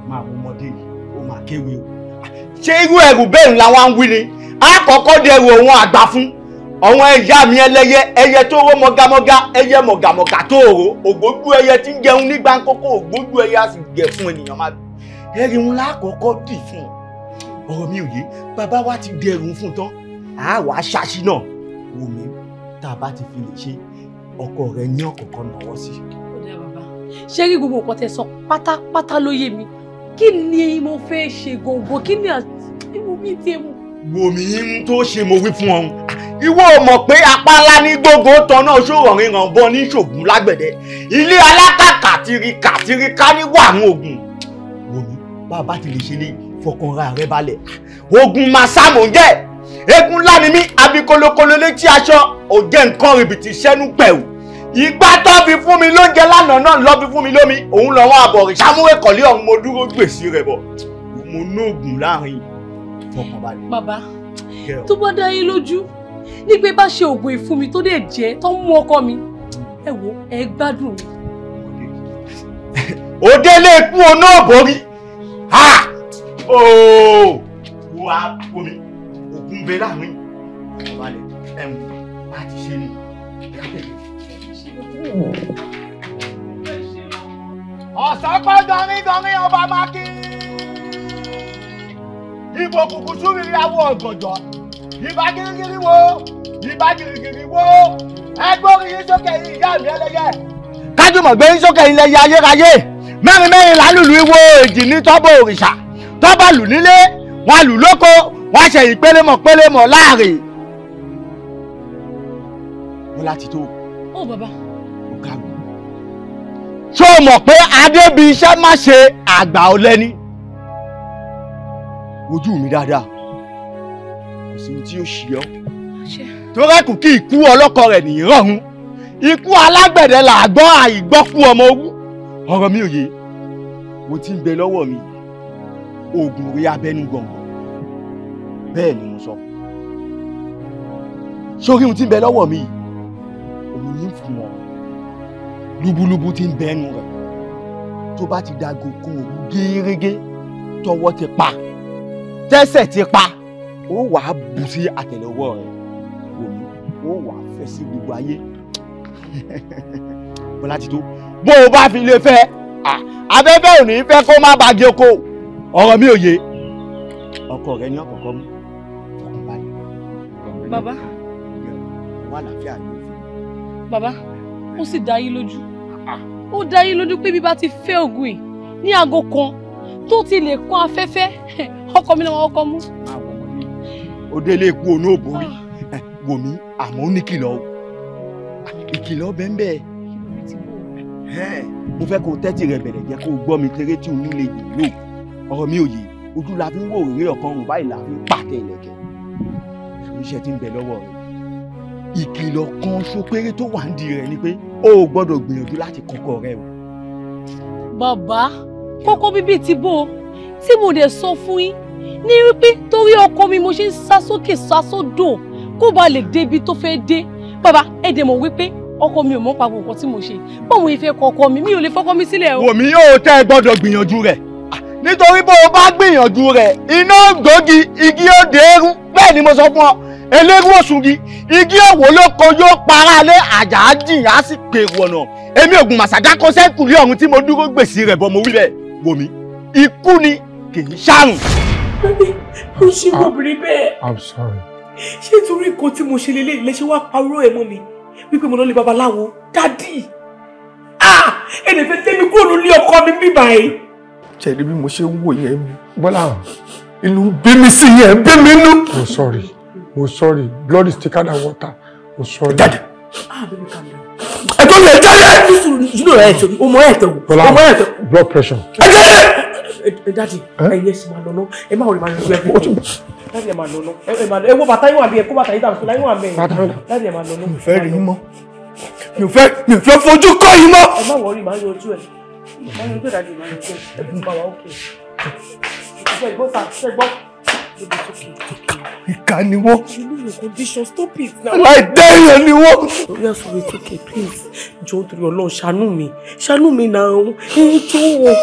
máa wo ọmọdé yìí ó máa kéwé o ah, ṣé irú ẹrù bẹ́ẹ̀ ńlá wa ń wí ni àkọ́kọ́ dẹrù òun àgbà fún àwọn ẹ̀yà mi ẹlẹ́yẹ ẹyẹ tó ró mọ̀gámọ́gá ẹyẹ mọ̀gàmọ̀gà tó rò ògbójú ẹyẹ tí ń jẹun ní gbáǹkókó ògbójú ẹyẹ á sì jẹ fún ènìyàn má bí ẹrí ńlá àkọ́kọ́ dì fún ọ̀rọ̀ mi ò yé bàbá wa ti dẹrù fún tán a wàá ṣáṣí náà wò mí tá a bá ti fi lè ṣe ọkọ rẹ ní ọ̀kọ̀ọ̀kan náwó sí i ṣé rí gbogbo nǹkan tẹ́ sọ pátápátá ló yé mi kí ni mo fẹ́ ṣe gbogbo kí ni àtìmú mi ti mú. wòmí ń tó ṣe mo wí fún ọ ìwọ mọ̀ pé apálá ní gbogbo tán náà ṣòwò ríran bọ́ ní ṣògùn lágbẹ̀dẹ ilé alákàkà tìrìkà tìrìkà níwọ̀ àwọn ògùn wòmí bàbá ti lè ṣe lé fọkànra rẹ balẹ̀ ogun máa sáàmù jẹ́ eégún ńlá ni mí àbí kólókóló létí aṣọ òjẹ́ nǹkan rìbìtì sẹ́nu pẹ̀wù ìgbà tó fi fún mi lóúnjẹ lánàá náà lọ́ fi fún mi lómi òun lọ́wọ́ àbọ̀ rẹ̀ sàmúwẹ̀ kọ̀lé ọ̀hún mo dúró gbèsè rẹ̀ bọ̀ mo nóògùn láàrin fọkànbalẹ̀. bàbá tó bá dá yín lójú ní pé bá ṣe oògùn ìfún mi tó dé jẹ tó ń mú ọkọ mi ẹ wo ẹ gbádùn mi. òde lè kú oná òbórí ha ooo wàá bomi ògùn bẹ láàrin fọkànbalẹ̀ ẹ̀ ń wọ. ọ̀sán pọ̀ dánrídánrí ọba mákì ìbò kùkù súnmìrì awọ ọ̀gànjọ́ ìbá gírígírí wo ìbá gírígírí wo ẹgbórí yín sókè yín ìyá mi ẹlẹ́yẹ. kájùmọ̀ gbé yín sókè yín lẹ́yẹ ayérayé mẹ́rin mẹ́rin lálùlù ìwo èjì ní tọ́bọ̀ òrìṣà tọ́bọ̀ lù nílé wọn lù lóko wọn ṣe ìpélémọ̀ pélémọ̀ láàrin. mo láti tó. ó bàbá ṣó o mọ̀ pé adébíṣẹ́ má ṣe àgbà ọlẹ́ni ojú mi dáadáa kò sí tí ó ṣì ọ́ tó rẹ́kù kí ikú ọlọ́kọ rẹ̀ nìyí rọ̀hún ikú alágbẹ̀dẹ là á gbọ́ àìgbọ́ fún ọmọ ogun ọ̀rọ̀ mi ò yé mo ti ń bẹ lọ́wọ́ mi oògùn orí abẹ́nú gbọ̀ngàn bẹ́ẹ̀ ni mo sọ sórí ohun tí ń bẹ lọ́wọ́ mi òun ní fún wọn lúbúlúbú ti ń bẹnu rẹ̀ tó bá ti dago kó o gérégé tọwọ́ ti pa tẹ́sẹ̀ ti pa ó wàá bù sí àtẹ̀lẹ́wọ́ rẹ̀ wòmí ó wàá fẹ́ sí gbogbo ayé bọ́lá ti tó bó o bá fi lè fẹ́ abẹ́fẹ́ ò ní fẹ́ kó má bàjẹ́ oko ọ̀rọ̀ mi ò yé ọkọ rẹ ní ọkọ̀ọ̀kọ́ mú ọkọ̀ báyìí. bàbá. wà láfíà ló fi. bàbá ó sì dá yín lójú ó dá yín lójú pé bí bá ti fẹ́ ògùn yìí ní aago kan tó ti lè kún afẹ́fẹ́ ọkọ mi lọ́wọ́ ọkọ mú. òde ilé epo òun ò borí wò mí àmọ́ ó ní kìlọ̀ o ìkìlọ̀ bẹ́ẹ̀ mo fẹ́ kó tẹ́tì rẹ bẹ̀rẹ̀ jẹ́ kó gbọ́ mi tẹ́rẹ́ tí òun lè yìí lò ọ̀rọ̀ mi ò yé ojú la fi ń wò rèé ọ̀kan òun báyìí la fi ń pàtẹ ìlẹ̀kẹ̀ oníṣẹ́ ti ń bẹ lọ́wọ́ rẹ ìkìlọ̀ kan ṣopéré tó wà nídìí rẹ̀ ni pé o ò gbọ́dọ̀ gbìyànjú láti kọ́kọ́ rẹ o. bàbá kókó bíbí ti bó tí mo dẹ̀ sọ fún yín ní wípé torí ọkọ mi mo ṣe ń sá sókè sá sódò kó ba lè débi tó fẹ́ dé bàbá ẹ dẹ̀ mọ̀ wípé ọkọ mi ò mọ̀ pa gbogbo tí mo ṣe báwo ìfẹ́ kọ mi mi ò lè fọkọ mi sílẹ̀ o. wòmí yóò tẹ́ ẹ gbọ́dọ̀ gbìyànjú rẹ̀ ah, nítorí bó o bá gbìyànjú rẹ̀ iná gbòógì igi ó dé eru bẹ́ẹ̀ ni mo sọ fún ọ eléwòsùngi igi èwo ló kan yóò para lé àjàájì á sì pè wọ̀nà èmi ògùn màsàgá kan sẹ́kùnrin ọ̀hún tí mo dúró gbèsè rẹ̀ bọ́ mo wí bẹ́ẹ̀ wò mí ikú ni kì í ṣàrùn. ó ṣe ah, obìnrin bẹ́ẹ̀. i'm sorry. ṣé torí nǹkan tí mo ṣe lélẹ̀ ilé ṣe wá parọ́ ẹ̀ mọ́ mi wípé mo lọ lè babaláwo dádì ah, ẹnì fẹ́ tẹ́mi kúrò nílé ọkọ mi bíbá yìí. jẹ̀rí bí mo ṣe ń wò yẹn bọ́lá inú bí mi sí yẹn bí mi nú. i'm sorry mo sorry blood is thicker than water mo sorry. jáde ẹjọ́ mi ẹ jáde. sùúrù ẹ sọ̀rọ̀ ọmọ ẹ tẹ̀wọ̀ ọmọ ẹ tẹ̀wọ̀. blood pressure. ẹ jáde. dadi ẹ yẹ sí ma lọ náà ẹ má wọlé ma yọjú ẹgbẹ́ tó láti ẹ̀ máa lọ náà ẹ wo bàtà yín wà bí ẹ kó bàtà yín tàbí láyín wà bẹ́ẹ̀ láti ẹ̀ máa lọ náà. mi ò fẹ́ rí i mọ́ mi ò fẹ́ mi ò fẹ́ fojú kọ́ yín mọ́. ẹ má Ìkà ni wọ́n. Aláìdẹ́yàn ni wọ́n. Orí àsọ̀rọ̀ ètò kẹ̀ please jọ nítorí Ọlọ́run ṣàánú mi ṣàánú mi náà ẹ̀ẹ́n jọ wọ̀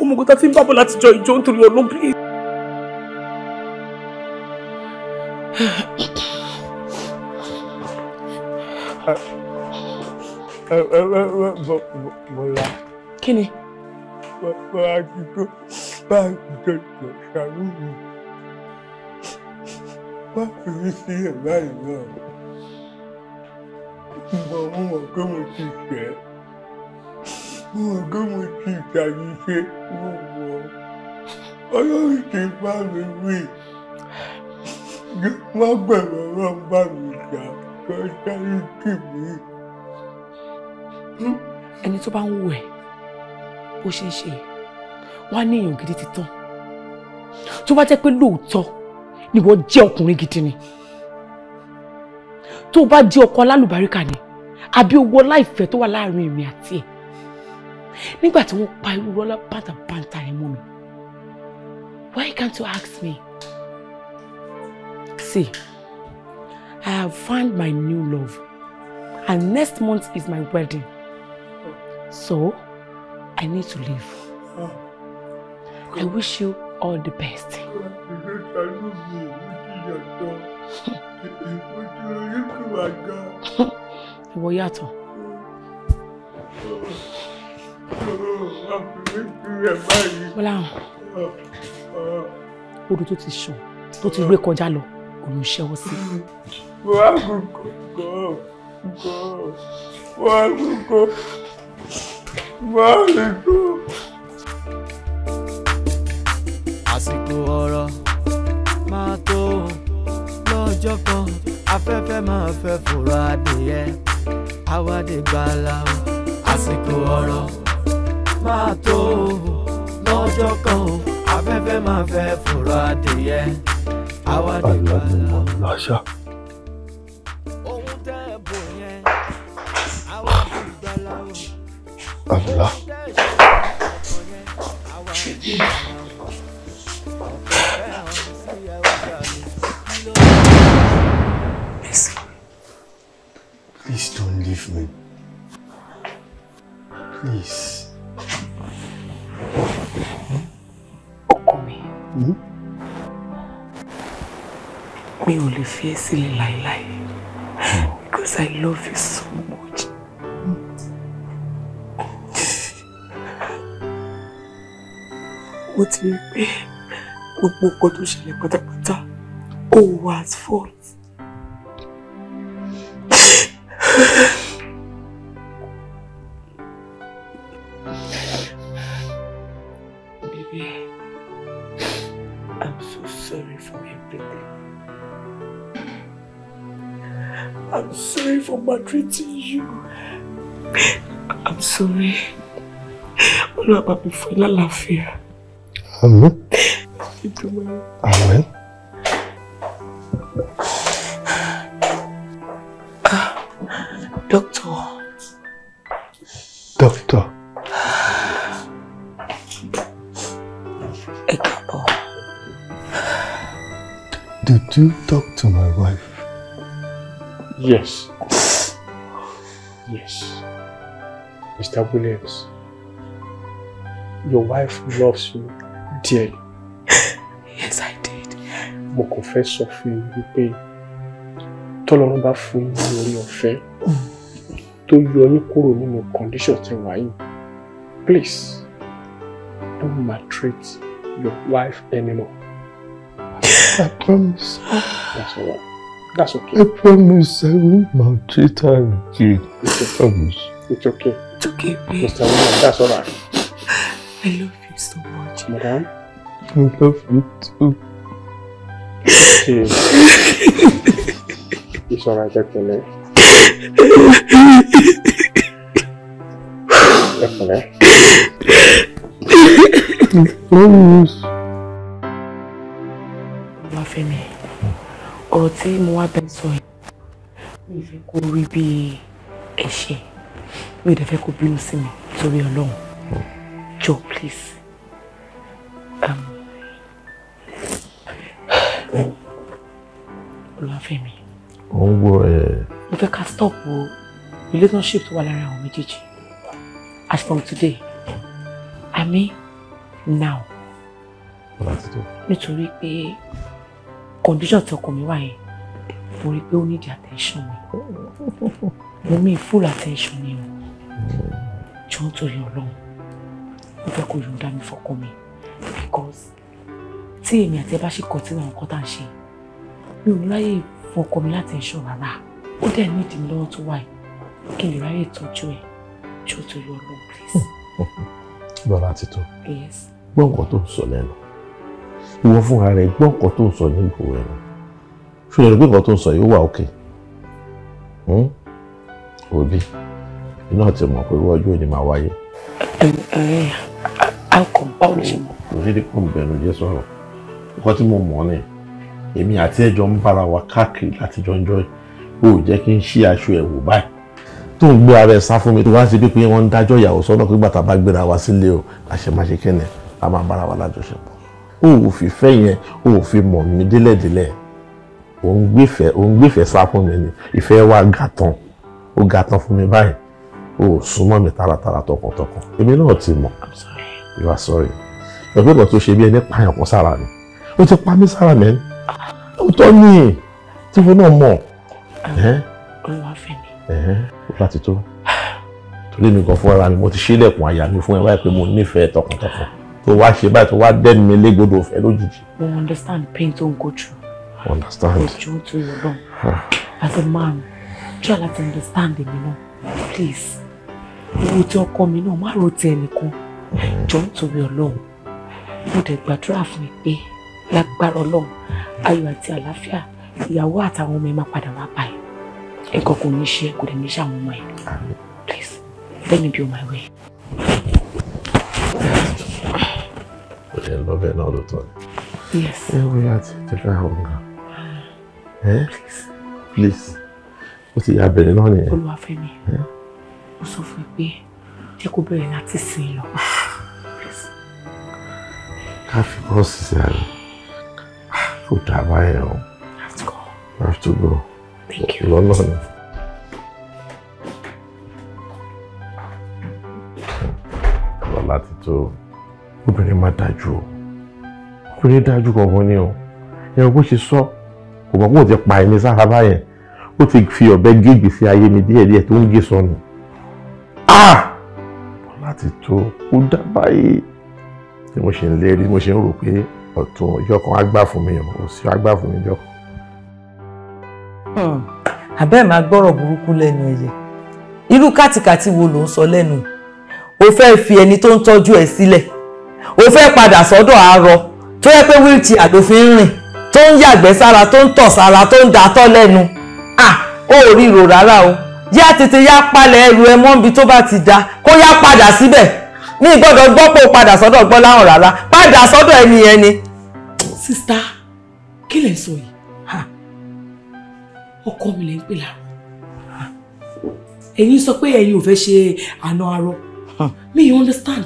ọmọkùnrin tí ń bábọ̀ láti jọ ìjọ nítorí Ọlọ́run please. Bọ́lá. Kí ni? Bọ́lá kíkó báńkì tó ṣàánú mi má fi mí sílẹ̀ báyìí náà mo mọ̀ pé mo ti fẹ́ mo mọ̀ pé mo ti ṣàṣìṣe mo mọ̀ ọlọ́run ti bá mi wí má bẹ̀rẹ̀ ọlọ́run bá mi jà kọ́ sáré kì mí. ẹni tó bá ń wù ẹ́ bó ṣe ń ṣe wá ní èèyàn gidi ti tán tó bá jẹ́ pé lóòótọ́ ni wọ́n jẹ́ ọkùnrin gidi ni tó o bá jẹ́ ọkọ alálùbáríkà ni àbí owó láìfẹ́ tó wà láàrin èmi àti ẹ̀ nígbà tí wọ́n pa irú rọ́lá bàtàbàtà ẹ̀ mọ́ mi why can't you ask me? See, I have found my new love and next month is my wedding so I need to leave. Hmm. I wish you all the best. ìwọ yàtọ̀. Odo to ti sàn To ti ré kọjá lọ òun ṣẹ́wọ́ sí. wọ́n á kú kọ́ kọ́ wọ́n á kú kọ́ wọ́n á ọjọ́ kan afẹ́fẹ́ máa fẹ́ fòrò adìyẹ awádìgbàlà àsìkò ọ̀rọ̀ máa tó lọ́jọ́ kan afẹ́fẹ́ máa fẹ́ fòrò adìyẹ awádìgbàlà. àṣà. o. àbúlá. leave me. Please. Ọkùnmi. Hmm? Mi ò lè fi ẹ́ sílẹ̀ láíláí. Because I love you so much. Mo ti rí pé gbogbo nǹkan tó ṣẹlẹ̀ pátápátá, ó wà fault. Treating you. I'm sorry. Olúwa mi fún ẹ lálàáfíà. Amen. Àmín. Doctor. Doctor. Ẹ Did you talk to my wife? Yes. Yes. Mr. Williams, your wife loves you dearly. Yes, I did. Mo kò fẹ́ sọ fún yín wípé tọ́lọ́run bá fún yín ní To your new yọ no kúrò nínú condition Please, don't maltreat your wife anymore. I promise. That's all That's okay. I promise I won't maltreat her again. It's okay. I promise. It's okay. It's okay, babe. Mr. Woman, that's all right. I love you so much. Madam? I love you too. Okay. it's all right, Ekele. Ekele. I promise. Love me ọ̀rọ̀ tí mo wá bẹ́ẹ̀ sọ yìí mi ò fẹ́ kó rí bí ẹ̀ṣẹ̀ mi ò dẹ̀ fẹ́ kó bínú sí mi torí ọlọ́run jọ please. Um, Olúwafẹ́mi. Ó ń wọ ẹ̀. Mo fẹ́ ká stop o relationship tó wà lára àwọn méjèèjì. As from today, I mean now. Nítorí pé condition to come away. For yẹn mo need attention You mo mean full attention You o to ń torí ọlọ́run mo fẹ́ kó yọ̀ǹda for coming. because tí èmi àti ẹ bá ṣe kọ tí àwọn nǹkan tá à ń ṣe mi ò ní ráyè fún ọkọ mi láti ẹ̀ ṣọ́ rárá to dẹ̀ ní ìdí lọ́wọ́ tó please. bọ́lá ti tó gbọ́ nǹkan tó ń sọ ìwọ fúnra rẹ gbọ́ nǹkan tó ń sọ ní ìbò rẹ ṣùgbọ́n ìròyìn pé nǹkan tó ń sọ yìí ó wà òkè òbí iná ti mọ̀ pé irú ọjọ́ òní máa wáyé. alcohol báwo ló ṣe mọ̀. kò ṣe é kó n bẹ̀rù jẹ́ sọ̀rọ̀ nǹkan tí mo mọ̀ ni èmi àti ẹ̀jọ̀ ń bára wa káàkiri láti jọjọ́ o ò jẹ́ kí n ṣí aṣọ ẹ̀ wò báyìí tó ń gbé ara ẹ̀ sá fún mi tó wá sí pé wọ́n ń dájọ́ ìyàwó sọ́nà pé bàtà bá gbéra wa sílé o àṣemáṣe kẹ́nẹ̀ a máa bára wa lájọṣepọ̀ o ò fi fẹ́ yẹn o ò fi mọ̀ mí délẹ̀délẹ̀ ò ń gbèfẹ́ ò ń gbèfẹ́ sá fún mi ni ìfẹ́ wa ga tán ó ga tán fún mi báyìí o ò súnmọ́ mi taratara tọkàntọkàn èmi náà ti mọ̀ you are sorry ẹgbẹ́ kan tó ṣe bí ẹni pààyàn kan sára ni ó ti pa mí sára mẹ́rin ó tọ́ ní tí mo náà mọ̀ olúwàfẹ́mi ó láti tó torí mi gan fún ara mi mo ti ṣílẹ̀kùn àyà mi fún ẹ báyìí pé mo nífẹ̀ẹ́ tọkàntọkàn. To wá ṣe báyìí to wá dẹ́nu mi légbodò ọ̀fẹ́ lójijì. We understand pain tó go through. understand. ojú to yọ lọ as a man try láti understand you know. please owó tí ọkọ mi náà má ro ti ẹnìkan to nítorí ọlọ́run mo dẹ̀ gbàdúrà fún mi pé lágbára ọlọ́run ayọ̀ àti àlàáfíà ìyàwó àtàwọn ọmọ ẹ máa padà wá báyìí ẹ̀kọ́ kò ní ṣe kò dẹ̀ ní ṣàwọn ọmọ ẹ please let me be on my way ẹ lọ bẹ́ẹ̀ náà ló tọ́ yes. ẹ wo ya ti jẹ ká hàn gan. ẹ please ó ti yà bẹ̀rẹ̀ náà nìyẹn. olúwàfẹ́mi ó sọ fún mi pé jẹ́ kó bẹ̀rẹ̀ láti sìn lọ. ká fi bọ́ọ̀sì sí àná kò dábàá ẹ̀ o. let's go. I have to go. thank you. lọ́nà ni. láti obìnrin máa dájú o obìnrin dájú kankan ni o ẹ̀rọ bó ṣe sọ kò mọ̀ pé ó ti pa ẹni sára báyẹn ó ti fi ọ̀bẹ gé gbèsè ayé mi díẹ̀díẹ̀ tó ń gé sọnù ah! láti tó kú dá báyìí tí mo ṣe ń lérí mo ṣe ń rò pé ọ̀tún ọjọ́ kan á gbà fún mi ò sí á fún mi jọ. Hmm. àbẹ́ máa gbọ́rọ̀ burúkú lẹ́nu ẹ̀yẹ irú kàtìkàtì wo ló ń sọ lẹ́nu ò fi ẹni tó ń tọ́jú ẹ̀ sílẹ̀. Si o fẹ́ padà sọ́dọ̀ àárọ̀ tó yẹ pé wíìtì àdófin ń rìn tó ń yàgbẹ́ sára tó ń tọ̀ sára tó ń datọ́ lẹ́nu ah ó rí ìrò rárá o yá tètè yá palẹ̀ ẹrù ẹ mọ́ níbi tó bá ti da kó yá padà síbẹ̀ ní ìgbọ́dọ̀ gbọ́ pé o padà sọ́dọ̀ gbọ́ láwọn rárá padà sọ́dọ̀ ẹni ẹni. sista kí lè sọ yìí ọkọ mi lè ń pè láàrọ ẹ̀yin sọ pé ẹ̀yin ò fẹ́ ṣe àna arọ mi you understand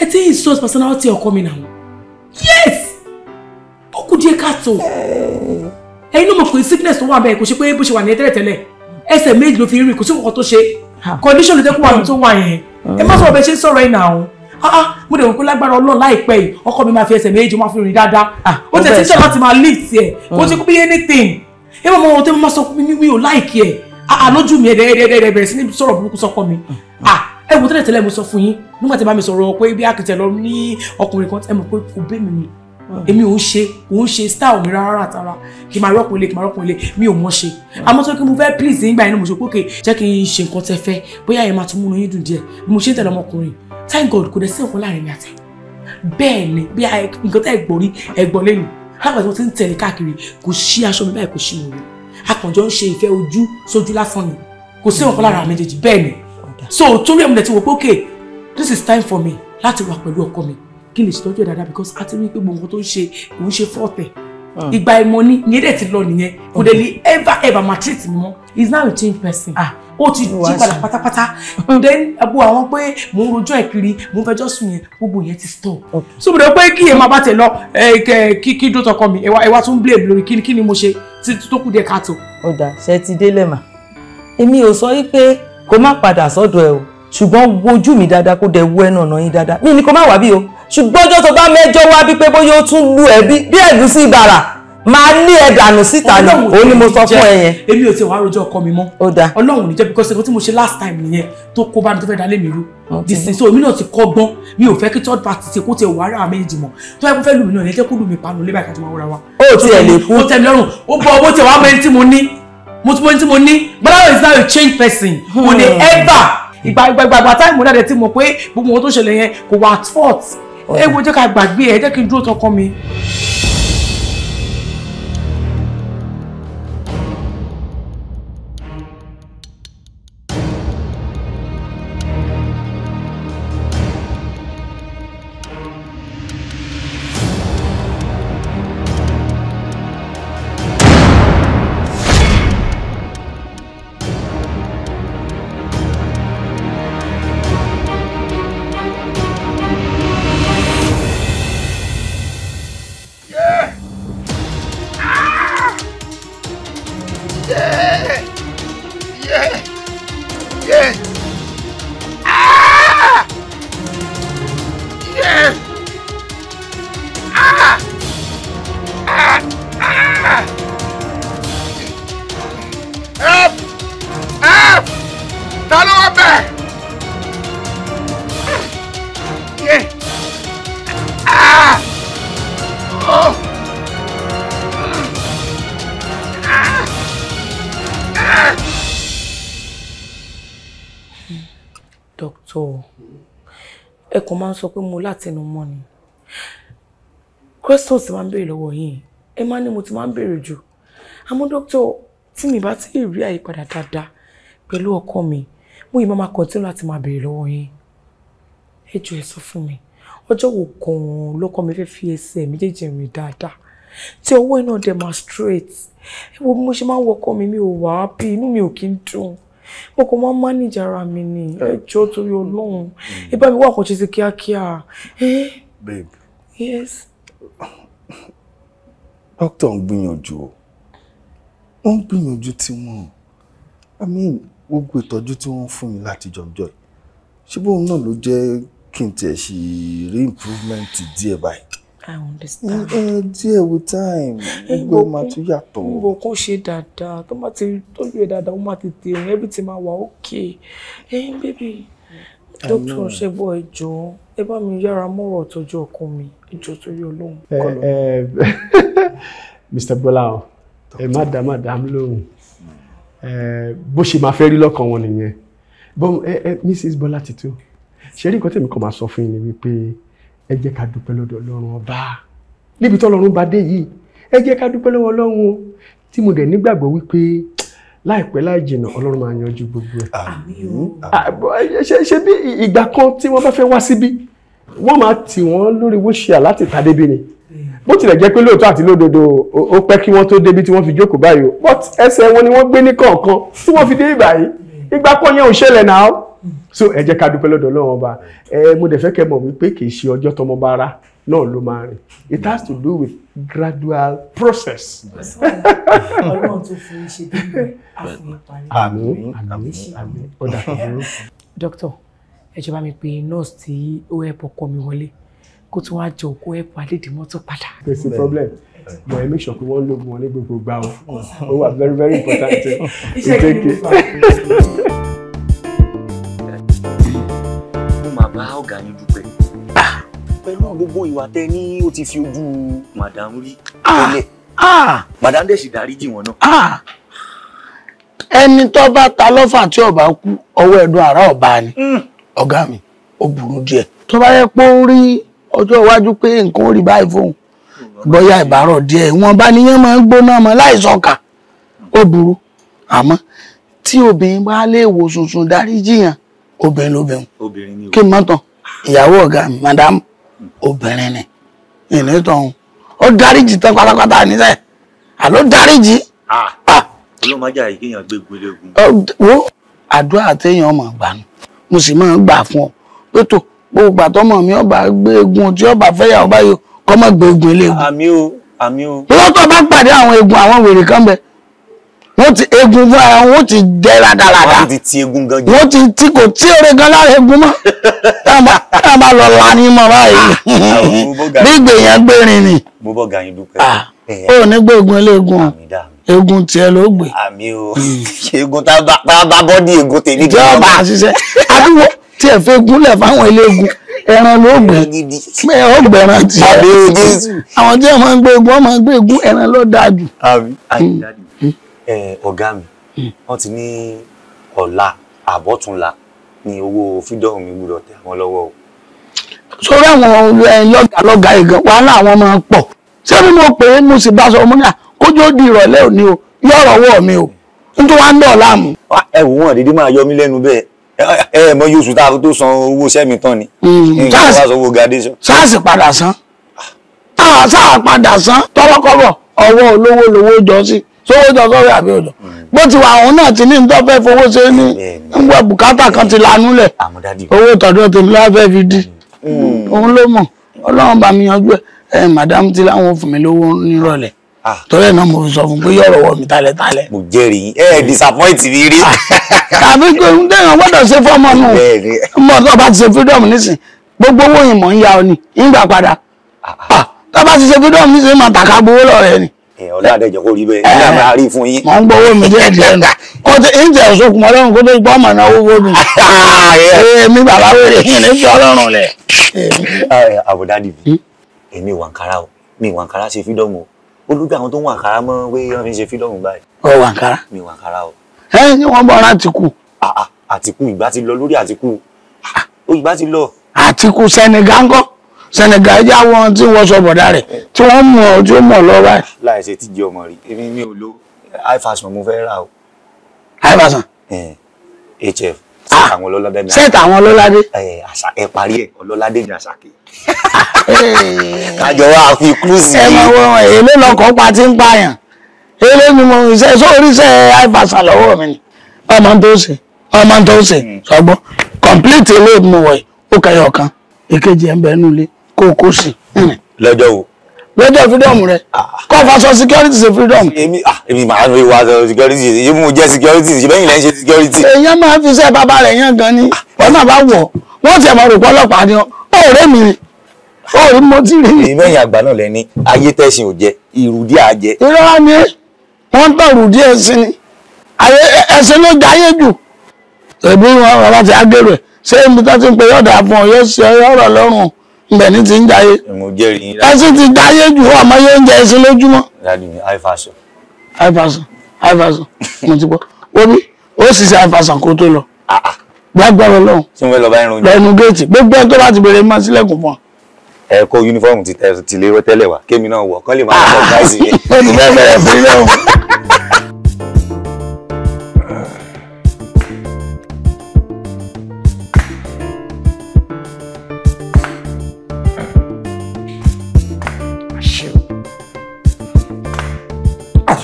ẹ ti insult personality ọkọ mi náà yes ó kù díẹ̀ káàtó ẹ̀yin náà mọ̀ pé sickness tó wà bẹ́ẹ̀ kò ṣe pé bó ṣe wà ní tẹ́lẹ̀tẹ́lẹ̀ ẹsẹ̀ méjì ló fi rìn kò sí nǹkan tó ṣe ah. condition ló jẹ́ kó wà ní tó wà yẹn ẹ má sọ̀rọ̀ bẹ́ẹ̀ ṣe ń sọ̀rọ̀ ẹ̀ náà ah, ah mo dẹ̀ wọ́n pé lágbára ọlọ́run láìpẹ́ yìí ọkọ mi máa fi ẹsẹ̀ méjì máa fi rìn dáadáa ah, ó tẹ̀ tíṣà láti máa lift ẹ̀ kó ti anything ẹ bá mọ ohun tí mo máa ah lójú mi ẹ̀dẹ̀ ẹ̀dẹ̀ ẹ̀dẹ̀ bẹ̀rẹ̀ sí ní sọ̀rọ̀ ẹ wo tẹ́lẹ̀ tẹ́lẹ̀ mo sọ fún yín nígbà tí bá mi sọ̀rọ̀ pé bí àkìtẹ̀ lọ ní ọkùnrin kan ẹ mọ̀ pé kò bẹ́ẹ̀ mi ni èmi ò ń ṣe ò ń ṣe style mi rárá àtàrà kì máa rọ́pò ilé kì máa rọ́pò ilé mi ò mọ̀ ṣe àmọ́ tó kí mo fẹ́ please nígbà yẹn mo ṣe pókè jẹ́ kí n ṣe nǹkan tẹ́ fẹ́ bóyá yẹn máa tún múnú yín dùn díẹ̀ bí mo ṣe ń tẹ̀lé ọmọkùnrin thank god kò dẹ̀ sí nǹkan láàrin mi àtẹ bẹ́ẹ̀ ni bí nǹkan tẹ́ ẹ̀gbọ́n rí ẹ̀gbọ́n lẹ́yìn lápá tí mo ti ń tẹ̀lé káàkiri kò sí aṣọ mi báyìí kò sí mi so torí ẹ̀ mo dẹ̀ ti wò pé okay this is time for me láti wà pẹ̀lú ọkọ mi kí n lè ṣètọ́jú ẹ̀ dáadáa because a ti rí i pé gbogbo nǹkan tó ń ṣe kò ń ṣe fọ́ọ̀tẹ̀ ah. ìgbà ìmọ̀ ni ìyẹn dẹ̀ ti lọ nìyẹn kò dẹ̀ ní mm. ever ever maltreat mi mọ́ he is now a change person ah ó ti jí padà pátápátá then abo àwọn pé mò ń rojọ́ ẹ̀ kiri mò ń fẹjọ́ sùn yẹn gbogbo yẹn ti stop so mo dẹ̀ pé kí yẹn máa bá tẹ̀ lọ kí kí dó tọkọ mi ẹ wá tún blame lórí kí ni mo ṣe tó kù díẹ̀ káàtó. ọ̀dà ṣe ti délẹ̀ mà èmi ò sọ wípé kó má padà sọ́dọ̀ ẹ o ṣùgbọ́n wojú mi dáadáa kó dẹ̀ wo ẹnu ọ̀nà yín dáadáa mi ni kó má wá bí o ṣùgbọ́n ọjọ́ tó bá mẹ́jọ wá bí pé bóyá ó tún lu ẹ bí ẹ̀dùn sí ibàrà máa ní ẹ̀dànù síta ni òun ni mo sọ fún ẹ yẹn. èmi ò tí ì wá rojọ́ ọkọ mi mọ́ ọlọ́run ò ní jẹ́ because ẹ̀kọ́ tí mo ṣe last time nìyẹn tó kó bá mi tó fẹ́ dalé mi rú dìsìn so èmi náà ti kọ́ gbọ́n mi ò fẹ́ kí third party ti kó tiẹ̀ wà ara méjì mọ̀ tó yẹ kó fẹ́ lù mí náà yẹn jẹ́ kó lù mí panu lébàá ìkàtúmọ̀ wúra wa. ó tiẹ̀ lè kú ó tẹ̀ lọ́rùn ó bọ owó tiẹ̀ wá mẹ́rin tí mo ní mo ti mọ tí mo ní Bọ́láwọ̀ is now a changed person kò hmm. lè ever ìgbà ìgbà ìgbà ìgbà táìmù náà dẹ̀ ti mọ̀ pé gbogbo ohun tó ṣẹlẹ̀ yẹn kò wà at fault oh, ẹ wo jẹ́ ká gbàgbé ẹ jẹ́ kí n dúró tọkọ mi. Yeah. sọ pé mo látẹnumọ́ ni questions ti máa ń béèrè lọ́wọ́ yìí ẹ máa ní mo ti máa ń béèrè jù àmọ́ dókítà tí mi bá ti rí àyípadà dáadáa pẹ̀lú ọkọ mi mo yìí máa máa kọ̀tínú láti máa béèrè lọ́wọ́ yín ẹ jù ẹ sọ fún mi ọjọ́ wo gan-an lọ́kọ mi fẹ́ fi ẹsẹ̀ méjèèjì rìn dáadáa tí ọwọ́ iná dẹ̀ máa straight ẹ wo bí mo ṣe máa ń wọkọ mi mi ò wá bí inú mi ò kí ń dùn mo kò mọ mánìjà ara mi ni ẹjọ́ torí Ọlọ́run ibà mm. mi wà kọjú sí kíákíá. babe yes. doctor ń gbìyànjú ó ń gbìyànjú tiwọn i mean gbogbo ìtọ́jú tí wọ́n ń fún mi látijọ́ ọjọ́ yìí ṣé bóun náà ló jẹ́ kí n tiẹ̀ ṣì rí improvement díẹ̀ báyìí. I understand. Eh, ẹ díẹ̀ wo time gbogbo ẹ̀ máa tún yàtọ̀. gbogbo nǹkan ṣe dáadáa tó máa ti tọ́jú ẹ̀ dáadáa ó máa ti tẹ̀ ẹ̀yìn everything máa wà okay. ẹyin bébì dókítà ṣẹ́gbọ́ ẹ jọ̀ọ́ ẹ bá mi yára mọ́rọ̀ tọ́jú ọkàn mi ìjọ torí olóhùn kọlọ. Mr. Bola o ẹ má dá má dá lóhùn eh, bó ṣe máa fẹ́ rí lọ́kàn wọn nìyẹn eh, Mrs. Bola Titu ṣe rí nǹkan tèmi kan máa sọ fún yín ni wípé ẹ jẹ́ ká dúpẹ́ lọ́dọ̀ ọlọ́run ọba níbi tọ́lọ́run bá dé yìí ẹ jẹ́ ká dúpẹ́ lọ́wọ́ ọlọ́run o tí mo dẹ̀ nígbàgbọ́ wípé láìpẹ́ láì jìnà ọlọ́run máa yanjú gbogbo ẹ̀. ṣe bí ìgbà kan tí wọ́n bá fẹ́ wá síbí wọ́n máa tì wọ́n lórí wíṣíà láti ta débi ni bó tilẹ̀ jẹ́ pé lóòótọ́ àti lódodo ó pẹ́ kí wọ́n tó débi tí wọ́n fi jókòó báyìí o but ẹsẹ̀ wọn ni wọ́n gbé ní kọ̀ọ̀kan tí wọ́n fi dé ìgbà yìí ìgbà kan yẹn ò ṣẹlẹ̀ náà so ẹ jẹ́ ká dúpẹ́ lọ́dọ̀ Ọlọ́run ọba ẹ mo dẹ̀ fẹ́ kẹ́ mọ̀ wípé kì í ṣe ọjọ́ tọmọ bá náà ló máa rìn it has to do with gradual process. Ọlọ́run tó fi ṣe bí àmín àmín àmín ọ̀dà kan. dókítà ẹ jọba mi pé nurse tí ó help ọkọ mi wọlé kó tún wá jọ kó help adédìmọ́tò padà. kò sí problem but ẹ make sure pé wọ́n lóògùn wọn ní gbogbo gbà ó wà very very important to take it. dá yín dúpẹ́. pẹ̀lú gbogbo ìwà tẹ ní ó ti fi ojú màdàm rí tẹ́lẹ̀ ah! ah! màdàm dẹ̀ sì dáríjì wọn náà. Ah! ẹni tó bá ta lọ́fà tí ọba kú ọwọ́ ẹ̀dùn àrà ọba ni hmm. ọ̀gá mi ó burú díẹ̀ tó bá yẹ pé ó rí ọjọ́ iwájú pé nǹkan ó rí báyìí fóun bóyá ìbárọ̀ díẹ̀ wọn bá níyẹn máa ń gbóná ọmọ láìsọkà ó burú àmọ́ tí obìnrin bá lè wo sunsun dáríjì yàn obìnrin lóbìnrin kí n mọ́ ìyàwó ọ̀gá madam obìnrin ni ìní tọ̀hún ó dáríjì tán pátápátá níṣẹ́ àló dáríjì. olómọjà ìkéyàn gbé gbélégun. wo àdúrà téèyàn mọ̀ gbàánu mo sì máa ń gbà fún ọ pé tó gbogbo àtọmọ mi ọba gbé egun tí ọba fẹ́yàwó báyìí kọ́mọ gbé egun ilé egun. àmì o àmì o. lọ́tọ̀ bá pàdé àwọn egun àwọn wèrè kan bẹ́ẹ̀ wọ́n ti egun fún ara wọ́n ti dẹ́ rádaràdà wọ́n ti ti egun gan jẹ́ wọ́n ti tí kò tí oore gan lára egun mọ́ táwọn bá lọ la ní mọ́ báyìí bí gbèyàn gbèrin ni mo bọ́ gàyìn dúpẹ́ ó ní gbé egun eléegun egun tiẹ̀ ló gbé àmì egun tá a bá bọ́dí egun tèmi gan jẹ́ ọba àṣìṣe àdúgbò tí ẹ̀ fẹ́ gúnlẹ̀ fáwọn eléegun ẹran ló gbẹ pé ó gbẹran tiẹ̀ àwọn tí ẹ̀ máa ń gbé egun ọ̀ máa ń gbé egun ẹran ló dáa jù. Hmm ọ̀gá mi hmm. wọ́n ti ní ọ̀la àbọ̀túnla ni owó fídọ́ọ̀ mi gbúdọ̀ tẹ̀ wọ́n lọ́wọ́ o. sórí àwọn lọ́gàá lọ́gàá ìgàn wàhálà àwọn máa ń pọ̀ ṣé bí mo pè é mo sì bá sọ ọmọnìyà kójú ó di ìrọ̀lẹ́ òní o yọ̀rọ̀ ọwọ́ mi o nítorí wàá ń dọ̀ láàmú. ẹ wò wọn dídí máa yọ mí lẹ́nu bẹ́ẹ̀ ẹ ẹ mọ yóò tá a tó san owó iṣẹ́ mi tán ni. sáàsì hmm. padà san sáà ah. padà san tọ́lọ́kọ́bọ̀ ọwọ́ olówó lowó jọ sí sówó jọ sọ́wọ́ àbí òjò mm. bó ti wà òun náà ti ní nǹkan fẹ́ fowó ṣe ní ngbọ́ bùkátà kan ti lanúlẹ̀ owó tọ̀dọ̀ tèmi lọ́wọ́ fẹ́ fi dí mm. òun ló mọ̀ ọlọ́run bá mi yanjú ẹ madam ti láwọn fún mi lówó nírọ̀lẹ́ ah. torí ẹ̀ náà mo fi sọ fún pé yọ̀rọ̀ wọ̀ mí tálẹ̀ tálẹ̀. mo jẹ́rìí ẹ ẹ disappoint mi rí. tàbí pé n tẹ̀yàn gbọ́dọ̀ ṣe fọ́ọ̀mù nù mọ tó bá ti ṣe freedom nísìn gbogbo owó yìí mọ̀ ń ya ọ ni ń gbà padà ah. Ah, tó bá ti ṣe freedom nísìn mà tàkà gbowó lọ́rẹ̀ ni. Eh, ọlá àdẹjọ kò rí bẹ́ẹ̀ ní àmà àrí fún yín. màá ń gbọ́wọ́ mi díẹ̀ díẹ̀ nù kó tí ń jẹ́ òṣokùn ọlọ́run kó tó gbọ́ ọmọ náà owó eh, mi. èmi bàbá wèrè yìí ní fi ọlọ́run lẹ̀. àbùdá eh. dìbò hmm? èmi wàǹkárá o mi wàǹkárá ṣe fídọ́mù o olùgbé àwọn tó ń wàǹkárá mọ́ wé wọ́n fi ṣe fídọ́mù báyìí. ọ wàǹkárá. mi wàǹkárá o. ẹ ní wọn bọ Senegal já wọn tí wọ́n sọ bọ̀dá rẹ̀ tí wọ́n mọ̀ tí ó mọ̀ lọ́wọ́ ẹ̀. láìsí ti jẹ ọmọ rí èmi mi ò lo ifasàn mo fẹ́ rà o. ifasàn. hf ah, sẹ́ẹ̀tì àwọn àwọn ọlọ́ládé. ẹ parí ẹ ọlọ́ládé ni àṣàkè. kájọ wa fi kúrúsì. ẹ máa wọ èlé lọkọ̀ pa tí ń pààyàn èlé ni mo ṣe sóríṣẹ́ ifasàn lọ́wọ́ mi ni ọmọ tó ṣe ọmọ tó ṣe sọgbọ́n complete ilé mi ó kẹyọ̀ kan èkejì ẹ̀ ń bẹ́ẹ̀ nulẹ̀ kò kò sí. Hmm. lọ́jọ́ wo. lọ́jọ́ freedom rẹ ah. kọ́ faṣọ security ṣe freedom. èmi ah, èmi màá fi wá aṣọ security ṣe mo jẹ́ security ṣe bẹ́yìn lẹ́yìn ṣe security. èèyàn máa fi iṣẹ́ bàbá rẹ̀ yan gan ni ah. wọ́n náà bá wọ̀ wọ́n ti ẹ̀ máa rò pé ọlọ́pàá ni ó rẹ́ mi ni ó rí mo ti rí. ìbẹ́yìn àgbà náà lẹ́ni ayé tẹ̀sìn ò jẹ ìrùdí àjẹ. ìrora ni wọ́n tàn rùdí ẹ̀sìn ni ẹ̀sìn ló jayé jù ẹ̀bí wọn bàbá ti agbèrè ṣé ibi tó ti ń pe yọ̀dà fún ọ yóò ṣe ọ̀rọ̀ lọ́rùn nbẹ ní ti ń jayé ẹsùn ti jayé jù wà mọ yóò ń jẹ ẹsùn lójúmọ́. mo ti gbọ́ omi ó sì ṣe àìfàṣọ kó tó lọ gbàgbọ́rọ̀ lọ́hùn lẹ́nu géètì gbogbo ẹni tó bá ti bèrè máa sílẹ̀kùn fún ọ. ẹ kó yunifọ́ọ̀mù ti lérò tẹ́lẹ̀ wá kémi náà wọ̀ kọ́lé máa ń báyìí. Ah.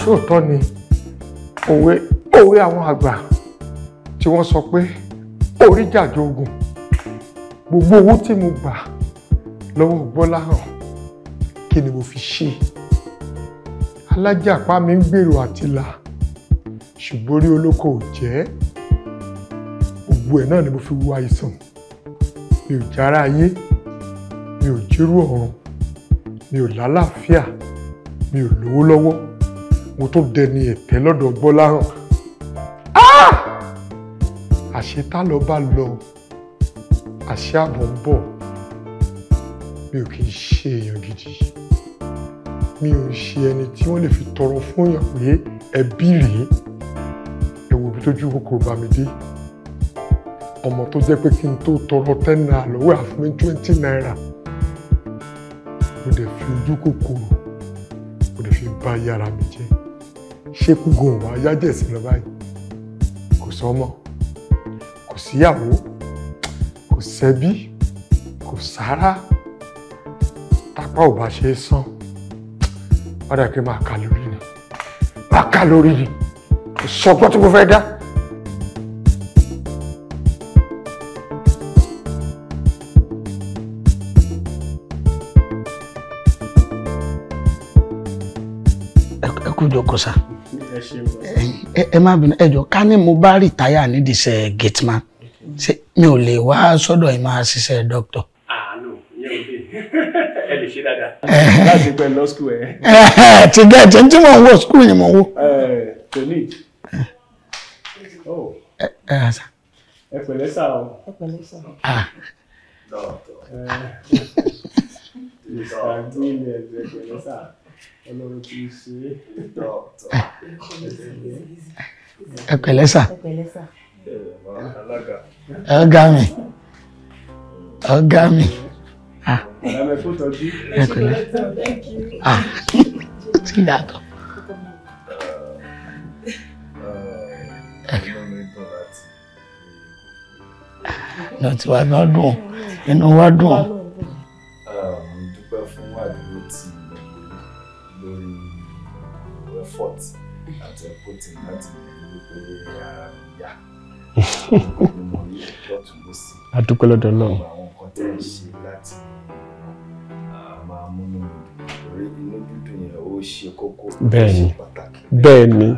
ṣóòótọ́ ni òwe òwe àwọn àgbà tí wọ́n sọ pé orí jàjọ ogun gbogbo owó tí mo gbà lọ́wọ́ Gbọ́láhàn kí ni mo fi ṣe alájàpá mi ń gbèrò àtìlà ṣùgbọ́n orí olóko ò jẹ́ gbogbo ẹ̀ náà ni mo fi wo àìsàn mi ò jára ayé mi ò jírú ọ̀run mi ò lálàáfíà mi ò lówó lọ́wọ́ mo tó dẹni ẹ̀tẹ́ lọ́dọ̀ gbọ́láhàn ah! àṣetá lọ bá lọ àṣẹ àbọ̀ ń bọ̀ mi ò kì í ṣe èèyàn gidi mi ò ṣe ẹni tí wọ́n lè fi tọrọ fún èèyàn pé ẹbí rèé ẹ̀wò ibi tójú kòkòrò bá mi dé ọmọ tó jẹ́ pé kí n tó tọrọ ten naira lọ́wọ́ àfúnmi twenty naira mo dẹ̀ fi ojú kòkòrò mo dẹ̀ fi bà yàrá mi jẹ́ ṣekú gòwà yájẹ̀sí lọ báyìí kò sọmọ kò síyàwó kò sẹ́bí kò sára tápá ò bá ṣe é sán padà pé máa kà lórí ni máa kà lórí ni kò sọgbọ́n tí mo fẹ́ dá. ẹ kú jókòó ẹ má bínú ẹ jọ̀ọ́ ká ní mo bá rìtáyà nídìí iṣẹ́ gateman ṣé mi ò lè wá sọ́dọ̀ ẹ máa ṣiṣẹ́ dókítà. àánú ìyẹn ò lè ẹ lè ṣe dáadáa láti pẹ lọ skul ẹ. ti gẹ́ ẹ̀jẹ̀ tí mò ń wọ skul yẹn mò ń wọ. tòní oh. ẹ pẹ̀lẹ́ sà o. ẹ pẹ̀lẹ́ sà o. dọ́ọ̀tọ̀ ẹ ẹ ìṣàgbéyẹ̀ ẹ pẹ̀lẹ́ Ọlọ́run kì í ṣe é. ẹpẹ̀lẹ́sà ọgá mi ọgá mi ah. ẹpẹ̀lẹ́ ó ah. ti yàtọ̀. Lọ́tí wa náà dùn, inú wa dùn. effort àti put in láti rí pé ara mi yá ni mo rí lọ́tún lọ́sí. adúpẹ́ lọ́dọ̀ náà. àwọn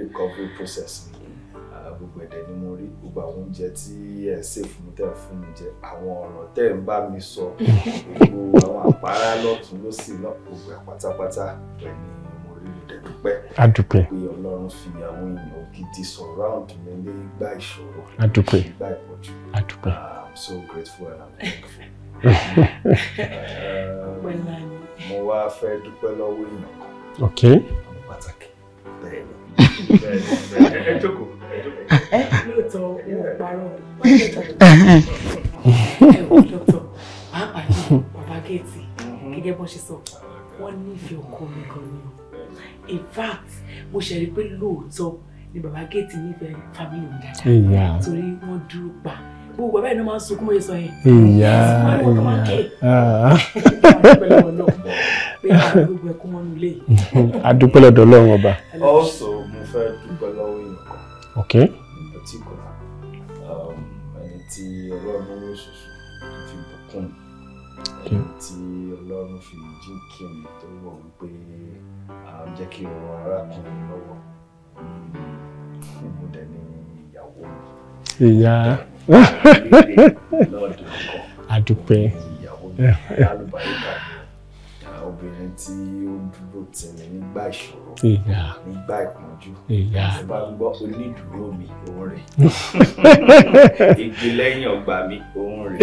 recovery process mi dúpẹ́. a dúpẹ́. pé ọlọ́run fi àwọn èèyàn gidi surround mi ní gbà ìṣòro. a dúpẹ́. gbà ìpọ́jú. Ah, i'm so grateful and i'm thankful. Eh, mo wá fẹ́ dúpẹ́ lọ́wọ́ èèyàn kan. ok. àwọn pàtàkì ni ẹ jókòó ẹ jókòó. ẹ lóòótọ́ ẹ wò dókítà pàápàá yìí mm-hmm. bó ṣe sọ wọ́n nífẹ̀ẹ́ ọkọ mi gan-an in fact mo ṣe rí i pé lóòótọ́ ni bàbá géètì nífẹ̀ẹ́ fámìlì mi dáadáa torí wọ́n dúró pa gbogbo ẹ̀bẹ̀ ni wọ́n máa ń sunkún mọ́ ìsọ yẹn. ìyá ìyá ah. a dúpẹ́ lọ́dọ̀ ọlọ́run ọba. also mo fẹ́ dúpẹ́ lọ́wọ́ èèyàn kan. ok. in particular um, ẹni tí ọlọ́run yóò ṣoṣo fi bùkún mi ẹni tí ọlọ́run fi jí kí mi tó jẹ́ kí n ran arákùnrin lọ́wọ́ níbo hmm. dẹ̀ ni ìyàwó mi. ìyá lọ́dọ̀ ọkọ àdúpẹ́ ìyàwó mi lálùbáyíká obìnrin tí ó dúró tì mí nígbà ìṣòro nígbà ìpọ́njú tí bá ń gbọ́ onídùúró mi òun rè igi lẹ́yìn ọgbà mi òun rè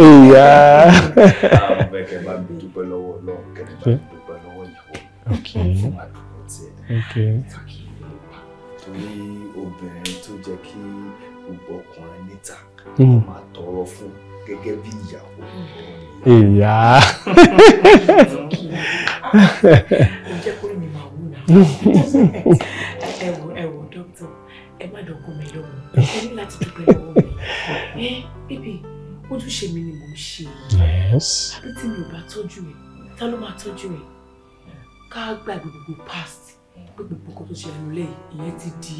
àwọn bẹ̀kẹ̀ bá mi dúpẹ́ lọ́wọ́ Ọlọ́run kẹ̀lẹ́ bá dúpẹ́ lọ́wọ́ ìyàwó fún àdúrà torí obìnrin tó jẹ́ kí gbogbo ọkùnrin níta hmm. máa tọrọ fún gẹ́gẹ́ bí ìyàwó. ìyá. ǹjẹ́ kó mi máa wúra hmm. ẹ wò ẹ wò dókítà ẹ má dọ̀kọ́ mi lọ́wọ́ ẹ ní láti dúpẹ́ lọ́wọ́ mi ẹ bíbí ojúṣe mi ni mò ń ṣe àbí tí mi ò bá tọ́jú ẹ ta ló máa tọ́jú ẹ ká gbàgbé gbogbo past pé gbogbo nǹkan tó ṣẹlẹ̀ lólè ìyẹn ti di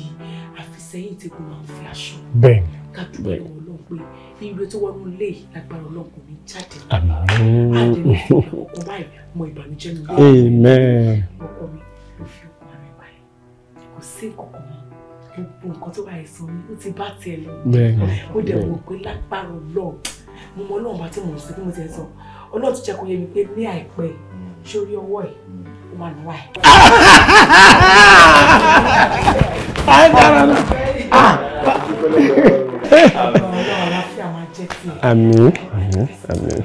àfisẹ́yìn tí kò máa ń fi aṣọ. bẹ́ẹ̀ ká dúpẹ́ lọ́wọ́ Ọlọ́run pé ire tó wọnú ilé lágbára Ọlọ́run kò jáde. àmín. àdéhùn ọkọ báyìí mọ ìbànújẹ́ mi. amen. ọkọ mi ló fi ọkọ rẹ báyìí kò sí nǹkan kan gbogbo nǹkan tó bá yẹ sọ ó ti bá tiẹ̀ lọ. ó dẹ̀ wò pé lágbára Ọlọ́run mo mọ Ọlọ́run bá tí mo sì máa nù wá ẹ. a ń dára náà. àmín àmín àmín.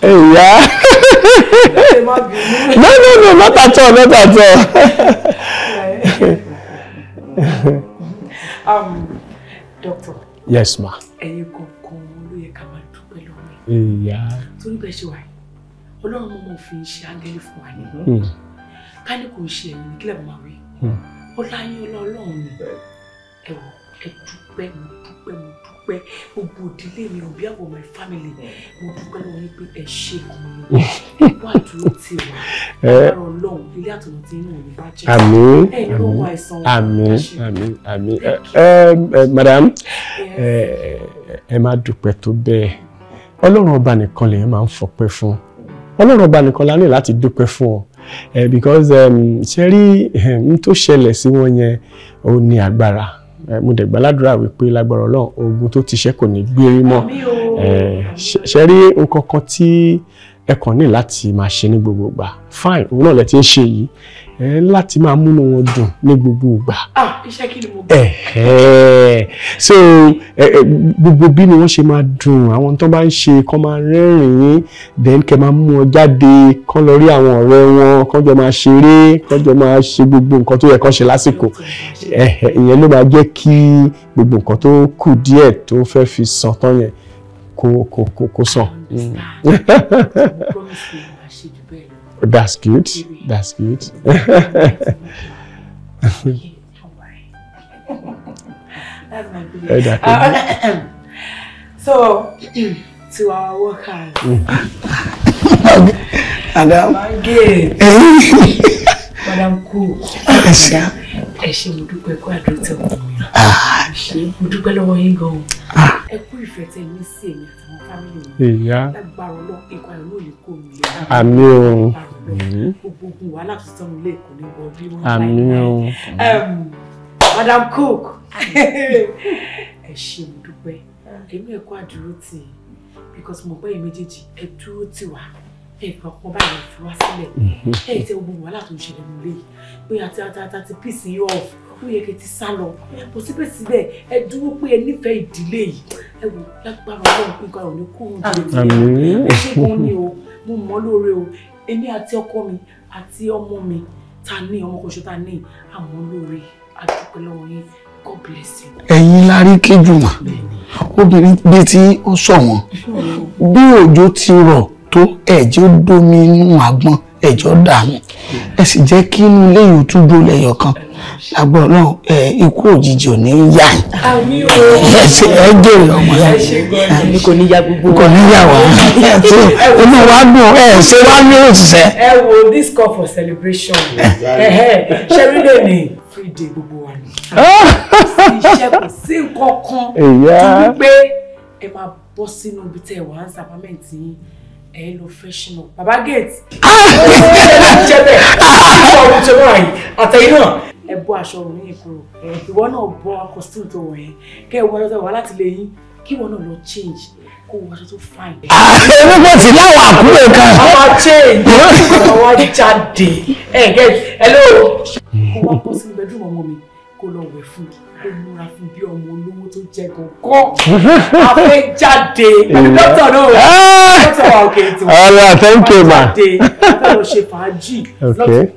Ìyá. No no no not at all not at all. um, doctor. Yes ma. Ẹ̀yin kọ̀ọ̀kan ló yẹ ká máa dúpẹ́ lọ́wọ́. Ìyá. Torí bẹ́ẹ̀ ṣe wà ọlọ́run mọ́ mọ́ fi ń ṣe áńgẹ́lì fún wa ni mhm. hmm. ká ní kò ń ṣe ẹ̀yìn nígbà máa wí hmm. ọlá yín ọlọ́run ni ẹ wọ ẹ dúpẹ́ mo dúpẹ́ mo dúpẹ́ gbogbo ìdílé mi òbí àwọ̀ my family mo dúpẹ́ lọ́wọ́ yín pé ẹ ṣe ìkànnì mi wà dúró tì wá ọlọ́run ọlọ́run ilé àtọ̀nà tí inú mi bá jẹ́ àmín àmín àmín àmín àmín eh, eh, eh, madam ẹ máa dúpẹ́ tó bẹ́ẹ̀ ọlọ́run ọba nìkan lèèyàn máa ń fọpẹ́ fún un ọlọ́run ọba nìkan la ní láti dúpẹ́ fún ọ eh, because um, ṣe rí ehm, n tó ṣẹlẹ̀ sí wọn yẹn ó ní agbára eh, mo dẹ̀ gbàládùra wípé lágbára ọlọ́run ogun tó ti ṣẹ́ kò ní gbérí mọ́ eh, ṣe rí nǹkan kan tí ẹ kàn ní láti máa ṣe ní gbogbo ìgbà fine òun náà lẹ ti ń ṣe yìí ẹ láti máa múnú wọn dùn ní gbogbo ìgbà. ah iṣẹ́ kí ni mo gbọ́. so gbogbo bí ni wọ́n ṣe máa dùn àwọn tó bá ń ṣe kọ́ máa rẹ́rìn-ín then kẹ́ máa mú wọn jáde kọ́ lọ rí àwọn ọ̀rẹ́ wọn kọ́ jọ máa ṣeré kọ́ jọ máa ṣe gbogbo nǹkan tó yẹ kọ́ ṣe lásìkò ìyẹn ló máa jẹ́ kí gbogbo nǹkan tó kù díẹ̀ tó fẹ́ fi sàn tán yẹn kó kó kó sàn. That's good. That's good. That's my baby. uh, so, to our workers. Madam. Madam Cool. Madam. Ẹ ṣé mo dúpẹ́ kó àdúró tẹ̀ wọ́n mi. Ah. Ṣé mo dúpẹ́ lọ́wọ́ yín gan-an. Ah. Ẹ kú ìfẹ́ tẹ ní sí èmi àtàwọn fámìlì mi. Ìyá. Lágbára ọlọ́pàá ìkọ̀ Mm-hmm. gbogbo wàhálà tó sọnù lè kò ní wọ bí wọn láìpẹ́ madam cook ẹ ṣe mo dúpẹ́ èmi ẹ̀kọ́ àdúró tì because mo gbẹ́ méjèèjì ẹ dúró tì wá ẹ kàn kọ́ báyìí fi wá sílẹ̀ mm-hmm. ẹ ìtẹ́ gbogbo wàhálà tó ń ṣẹlẹ̀ nílé yìí pé àti àti àti àti pìsì yìí ọ̀f ó yẹ kí ti sá lọ kò síbẹ̀síbẹ̀ ẹ dúró pé ẹ nífẹ̀ẹ́ ìdílé yìí ẹ wò lágbára ọlọ́run pé nǹkan ọ̀rọ̀ ní kúrò ní ìdílé yìí ẹ ṣe gan ni o mo mọ̀ lóore o èmi àti ọkọ mi àti ọmọ mi ta ní ọmọ kan ṣo ta ní àwọn olóore àdúpẹ́ lọ́wọ́ yín god bless you. ẹ̀yin la rí kéjù mọ́ obìnrin bíi tí ó sọ wọn bí òjò ti rọ̀ tó ẹ̀jẹ̀ domi inú àgbọn ẹjọ́ dààmú ẹ sì jẹ́ kí inú ilé yìí tún gbó lẹ́yọ̀ kan lágbọ́n náà ẹ ikú òjijì ò ní yá ẹ ṣe ẹ jèrè ọmọ yẹn kò ní yá gbogbo kò ní yá wá inú wa dùn ẹ ṣe wá ní òṣìṣẹ́. ẹ wo this call for celebration ṣe rí lè ní free day gbogbo wa ni iṣẹ́ kò sí nǹkan kan tó wípé ẹ máa bọ́ sínú ibi tẹ́ ẹ wà ń sàpámẹ́ǹtì yín ẹ lọ fẹsẹ̀ náà baba gate. jẹ bẹ́ẹ̀ ọ̀rọ̀ ọ̀rọ̀ tó náà yìí àtẹ̀yìn náà ẹ bọ́ aṣọ òun yìí kúrò ìwọ náà bọ́ akọsílù tó wọ̀ yẹn kẹ́ ẹ wọ aṣọ wà láti lè yín kí ìwọ náà lọ change kó wọ aṣọ tó fine. èmi kò sí láwọn àkúrò kan. a máa change àwa jáde ẹ gẹ ẹ lóò. kó wá bọ́ sínú bedroom ọmọ mi kó lọ wẹ̀ fún mi múra fún bí ọmọ olówó tó jẹ gọgọ a fẹ́ náà dókítà wa òkè tí ọlọ thank you ma jáde a fẹ́ ṣe fàájì lọtí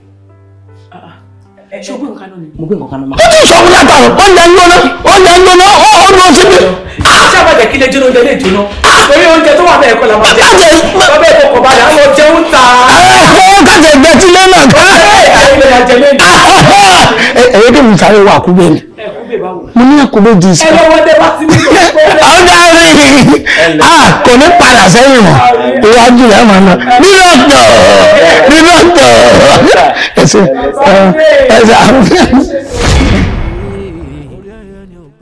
ṣé o gbé nǹkan náà ni. mo gbé nǹkan náà ma. ó ti sọ wúlá ta ó lẹ ń lọ́nà ó ó lọ síbi. ṣé àbàjẹ́ kí lè jóná oúnjẹ lè jóná torí oúnjẹ tó wà bẹ́ẹ̀ kọ́ la máa jẹ bàbá ẹ̀ á lọ jẹun ta. ó kàjẹ̀ gbẹ̀tí lẹ́nà. bàbá ẹ̀ gbẹ̀tí lẹ́nà. èyí kì sáré wà kú mo ní àkóbè di ìsìn. ẹlọ́wọ́dé bá ti mú ìgbésẹ̀. ọ̀gá rí a kò ní padà sẹ́yìn mọ́ iwájú rẹ̀ máa ná ní lọ́tọ̀ ní lọ́tọ̀ ẹsẹ̀ ẹsẹ̀ àwọn.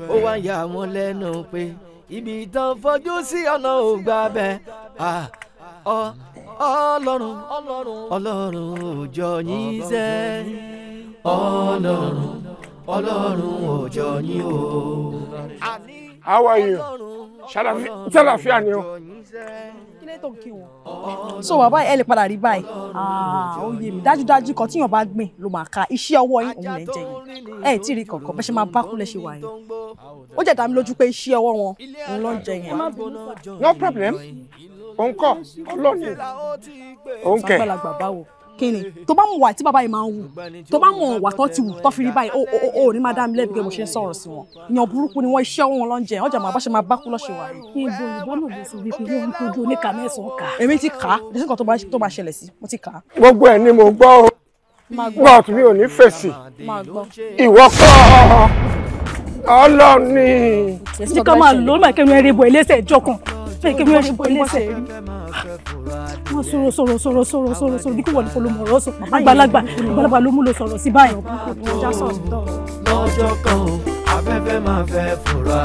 ó wá ya àwọn lẹ́nu pé ibi ìtàn fojú sí ọ̀nà ògbà bẹ́ẹ̀ ah, ọlọ́run ọlọ́run òjò yín sẹ́ ọlọ́run ọlọ́run ọjọ́ ni o. àwa èèyàn ṣàlàfíà ni o. so bàbá ẹ lè padà rí báyìí ah, ó yé mi dájúdájú kan tíyàn bá gbìn ló máa ka iṣẹ́ ọwọ́ yín òun lè jẹ yín ẹ tí ì rí kankan bẹ ṣe máa bá kúlẹ̀ ṣe wà yín ó jẹ́ dàmí lójú pé iṣẹ́ ọwọ́ wọn òun ló jẹ yín. no problem òun kọ ọlọ́ọ̀ni òun kẹ. sọ́pẹ́ la gbà báwo kíni tó bá mọ wà tí bàbá yìí máa ń wù tó bá mọ wà tó ti wù tó fi rí báyìí ó ó ó ní máa dá mi mo ṣe ń sọ̀rọ̀ sí wọn ìyàn burúkú ni wọ́n iṣẹ́ òun lọ́njẹ ọjà màá bá ṣe máa bá kú lọ́ṣẹ̀ wà rí. ibo ìbọn náà ló ti wí yóò ń kojú oníkà mẹ́sàn-án kà. èmi ti kà á kò sí nǹkan tó máa ṣẹlẹ̀ sí mo ti kà á. gbogbo ẹ̀ ni mo gbọ́ o but mi ò ní fèsì ìwọ kọ́ ọlọ́ọ̀ni. ẹ̀sìn kan fẹ́ kí wọ́n ṣe bọ́ lẹ́sẹ̀ rí wọ́n sọ̀rọ̀ sọ̀rọ̀ sọ̀rọ̀ sọ̀rọ̀ sọ̀rọ̀ sọ̀rọ̀ bí kò wọ́n ní kó ló mọ̀ ọ̀rọ̀ sọ àgbàlagbà àgbàlagbà ló mú lọ sọ̀rọ̀ sí báyìí. lọ́jọ́ kan afẹ́fẹ́ máa fẹ́ fura.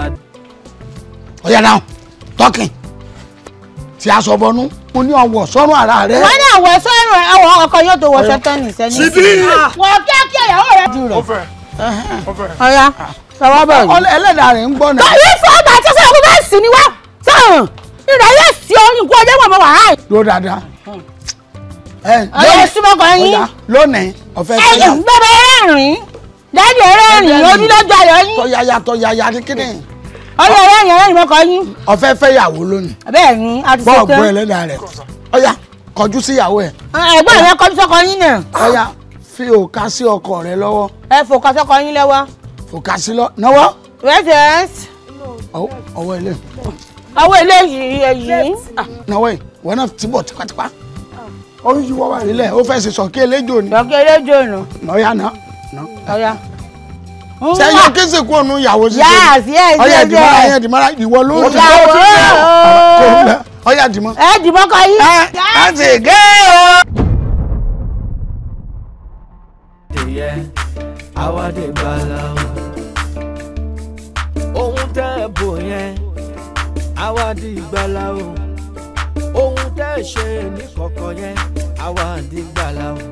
ọ̀yà náà tọ́kìn tí a sọ bọnú mo ní ọwọ́ sọ́rùn ara rẹ. wọ́n ní àwọ̀ sọ́rùn ẹ̀wọ̀ ọkọ yóò tó wọṣọ tẹ́nì sẹ́ni. síbí. wọ́n kí á kí ẹ̀yàwó rẹ̀ jù rẹ̀. ọfẹ ọfẹ. ọ̀yà sọ bẹ̀rù. ẹlẹ́dàá rẹ̀ ń gbọ́ náà. kọ́ yóò fọ́ ọgbà tó sọ̀rọ̀ bá sì ni wá. sọ̀rọ̀ ní ìdáyé sí orin kó ọjọ́ mọ̀mọ́ wàhálà. ló dáadáa. ọ̀rẹ́ súnmọ́kọ yín. lónìí ọ̀fẹ́ sílẹ̀. ẹ̀yìn bàbá ẹ̀rìn dájú ẹ̀rìn ojú lọ́jọ́ ayọ̀ yín. tọ́yaya tọ́yaya ni kíni. ọ̀rẹ́ ẹ̀rìn ẹ̀rìn mọ́kọ yín. ọ̀fẹ́ fẹ́ yàwó lónìí. bẹ́ẹ̀ ni a ti sọ tán. bọ́ọ̀ ẹlẹ́dàá rẹ̀ ọ̀ya kọjú sí ìyàwó ẹ̀. ẹ̀gbọ́n rẹ kọjú sọ́kọ yín náà. ọ̀ya fi òkà sí ọkọ rẹ lọ́wọ́. ẹ fòkà sọ́kọ yín lọ́wọ́. fòkà sí lọ náwó. rẹ́sẹ̀ẹ́sì. ọwọ́ ilé àwọn eléyìí ẹ̀yìn. nàwọ̀ yìí wọn náà ti bọ̀ tipátipá ó ń yíwọ́ wà nílẹ̀ ó fẹ́ ṣe eléjò ni. sọ̀kí eléjò nù. ọ̀ya náà. ọ̀ya. ṣe yọ kí n sì kú ònú ìyàwó sí i. ọ̀ya ìdìmọ́ ọ̀ya ìdìmọ́ ìwọ ló ń sọ ọ́ sí i. ọ̀ya ìdìmọ́. ẹ dìmọ́ kọ yí. a ti gé o. ẹyẹ awádìí ohun tẹ́ ẹ bò yẹn àwa di ìgbàlà o ohun tẹ́ ẹ ṣe ní kọ̀kọ̀ yẹn àwa di ìgbàlà o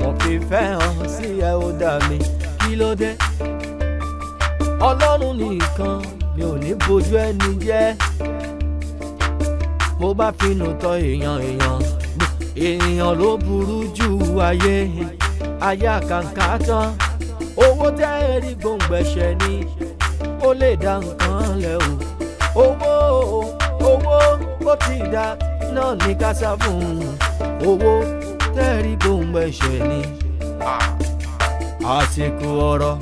mo fi fẹ́ hàn sí ẹ ó dà mí kí ló dé ọlọ́run nìkan mi ò ní bojú ẹni jẹ́ mo bá finú tọ èèyàn èèyàn èèyàn ló burú jù ayé ayé àkàǹkà tán owó tẹ́ ẹ rí gbòǹgbẹ̀ṣẹ̀ ni ó lè dá nǹkan lẹ̀ o owó owó ó ti dá náà ní ká sá fún un owó tẹ́rí gbòǹgbò ẹ̀ṣẹ̀ ni àsìkò ọ̀rọ̀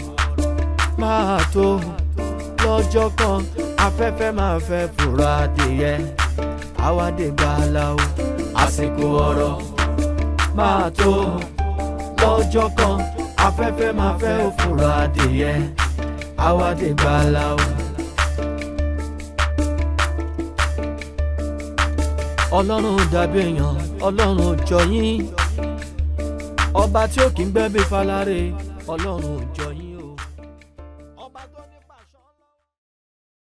máa tó lọ́jọ́ kan afẹ́fẹ́ máa fẹ́ fura adìyẹ àwádìí gbàláwo àsìkò ọ̀rọ̀ máa tó lọ́jọ́ kan afẹ́fẹ́ máa fẹ́ fura adìyẹ àwádìí gbàláwo. ọlọ́run dàbí èèyàn ọlọ́run ò jọ yín ọba tí ó kì í gbẹ́bí falárẹ̀ ọlọ́run jọ yín.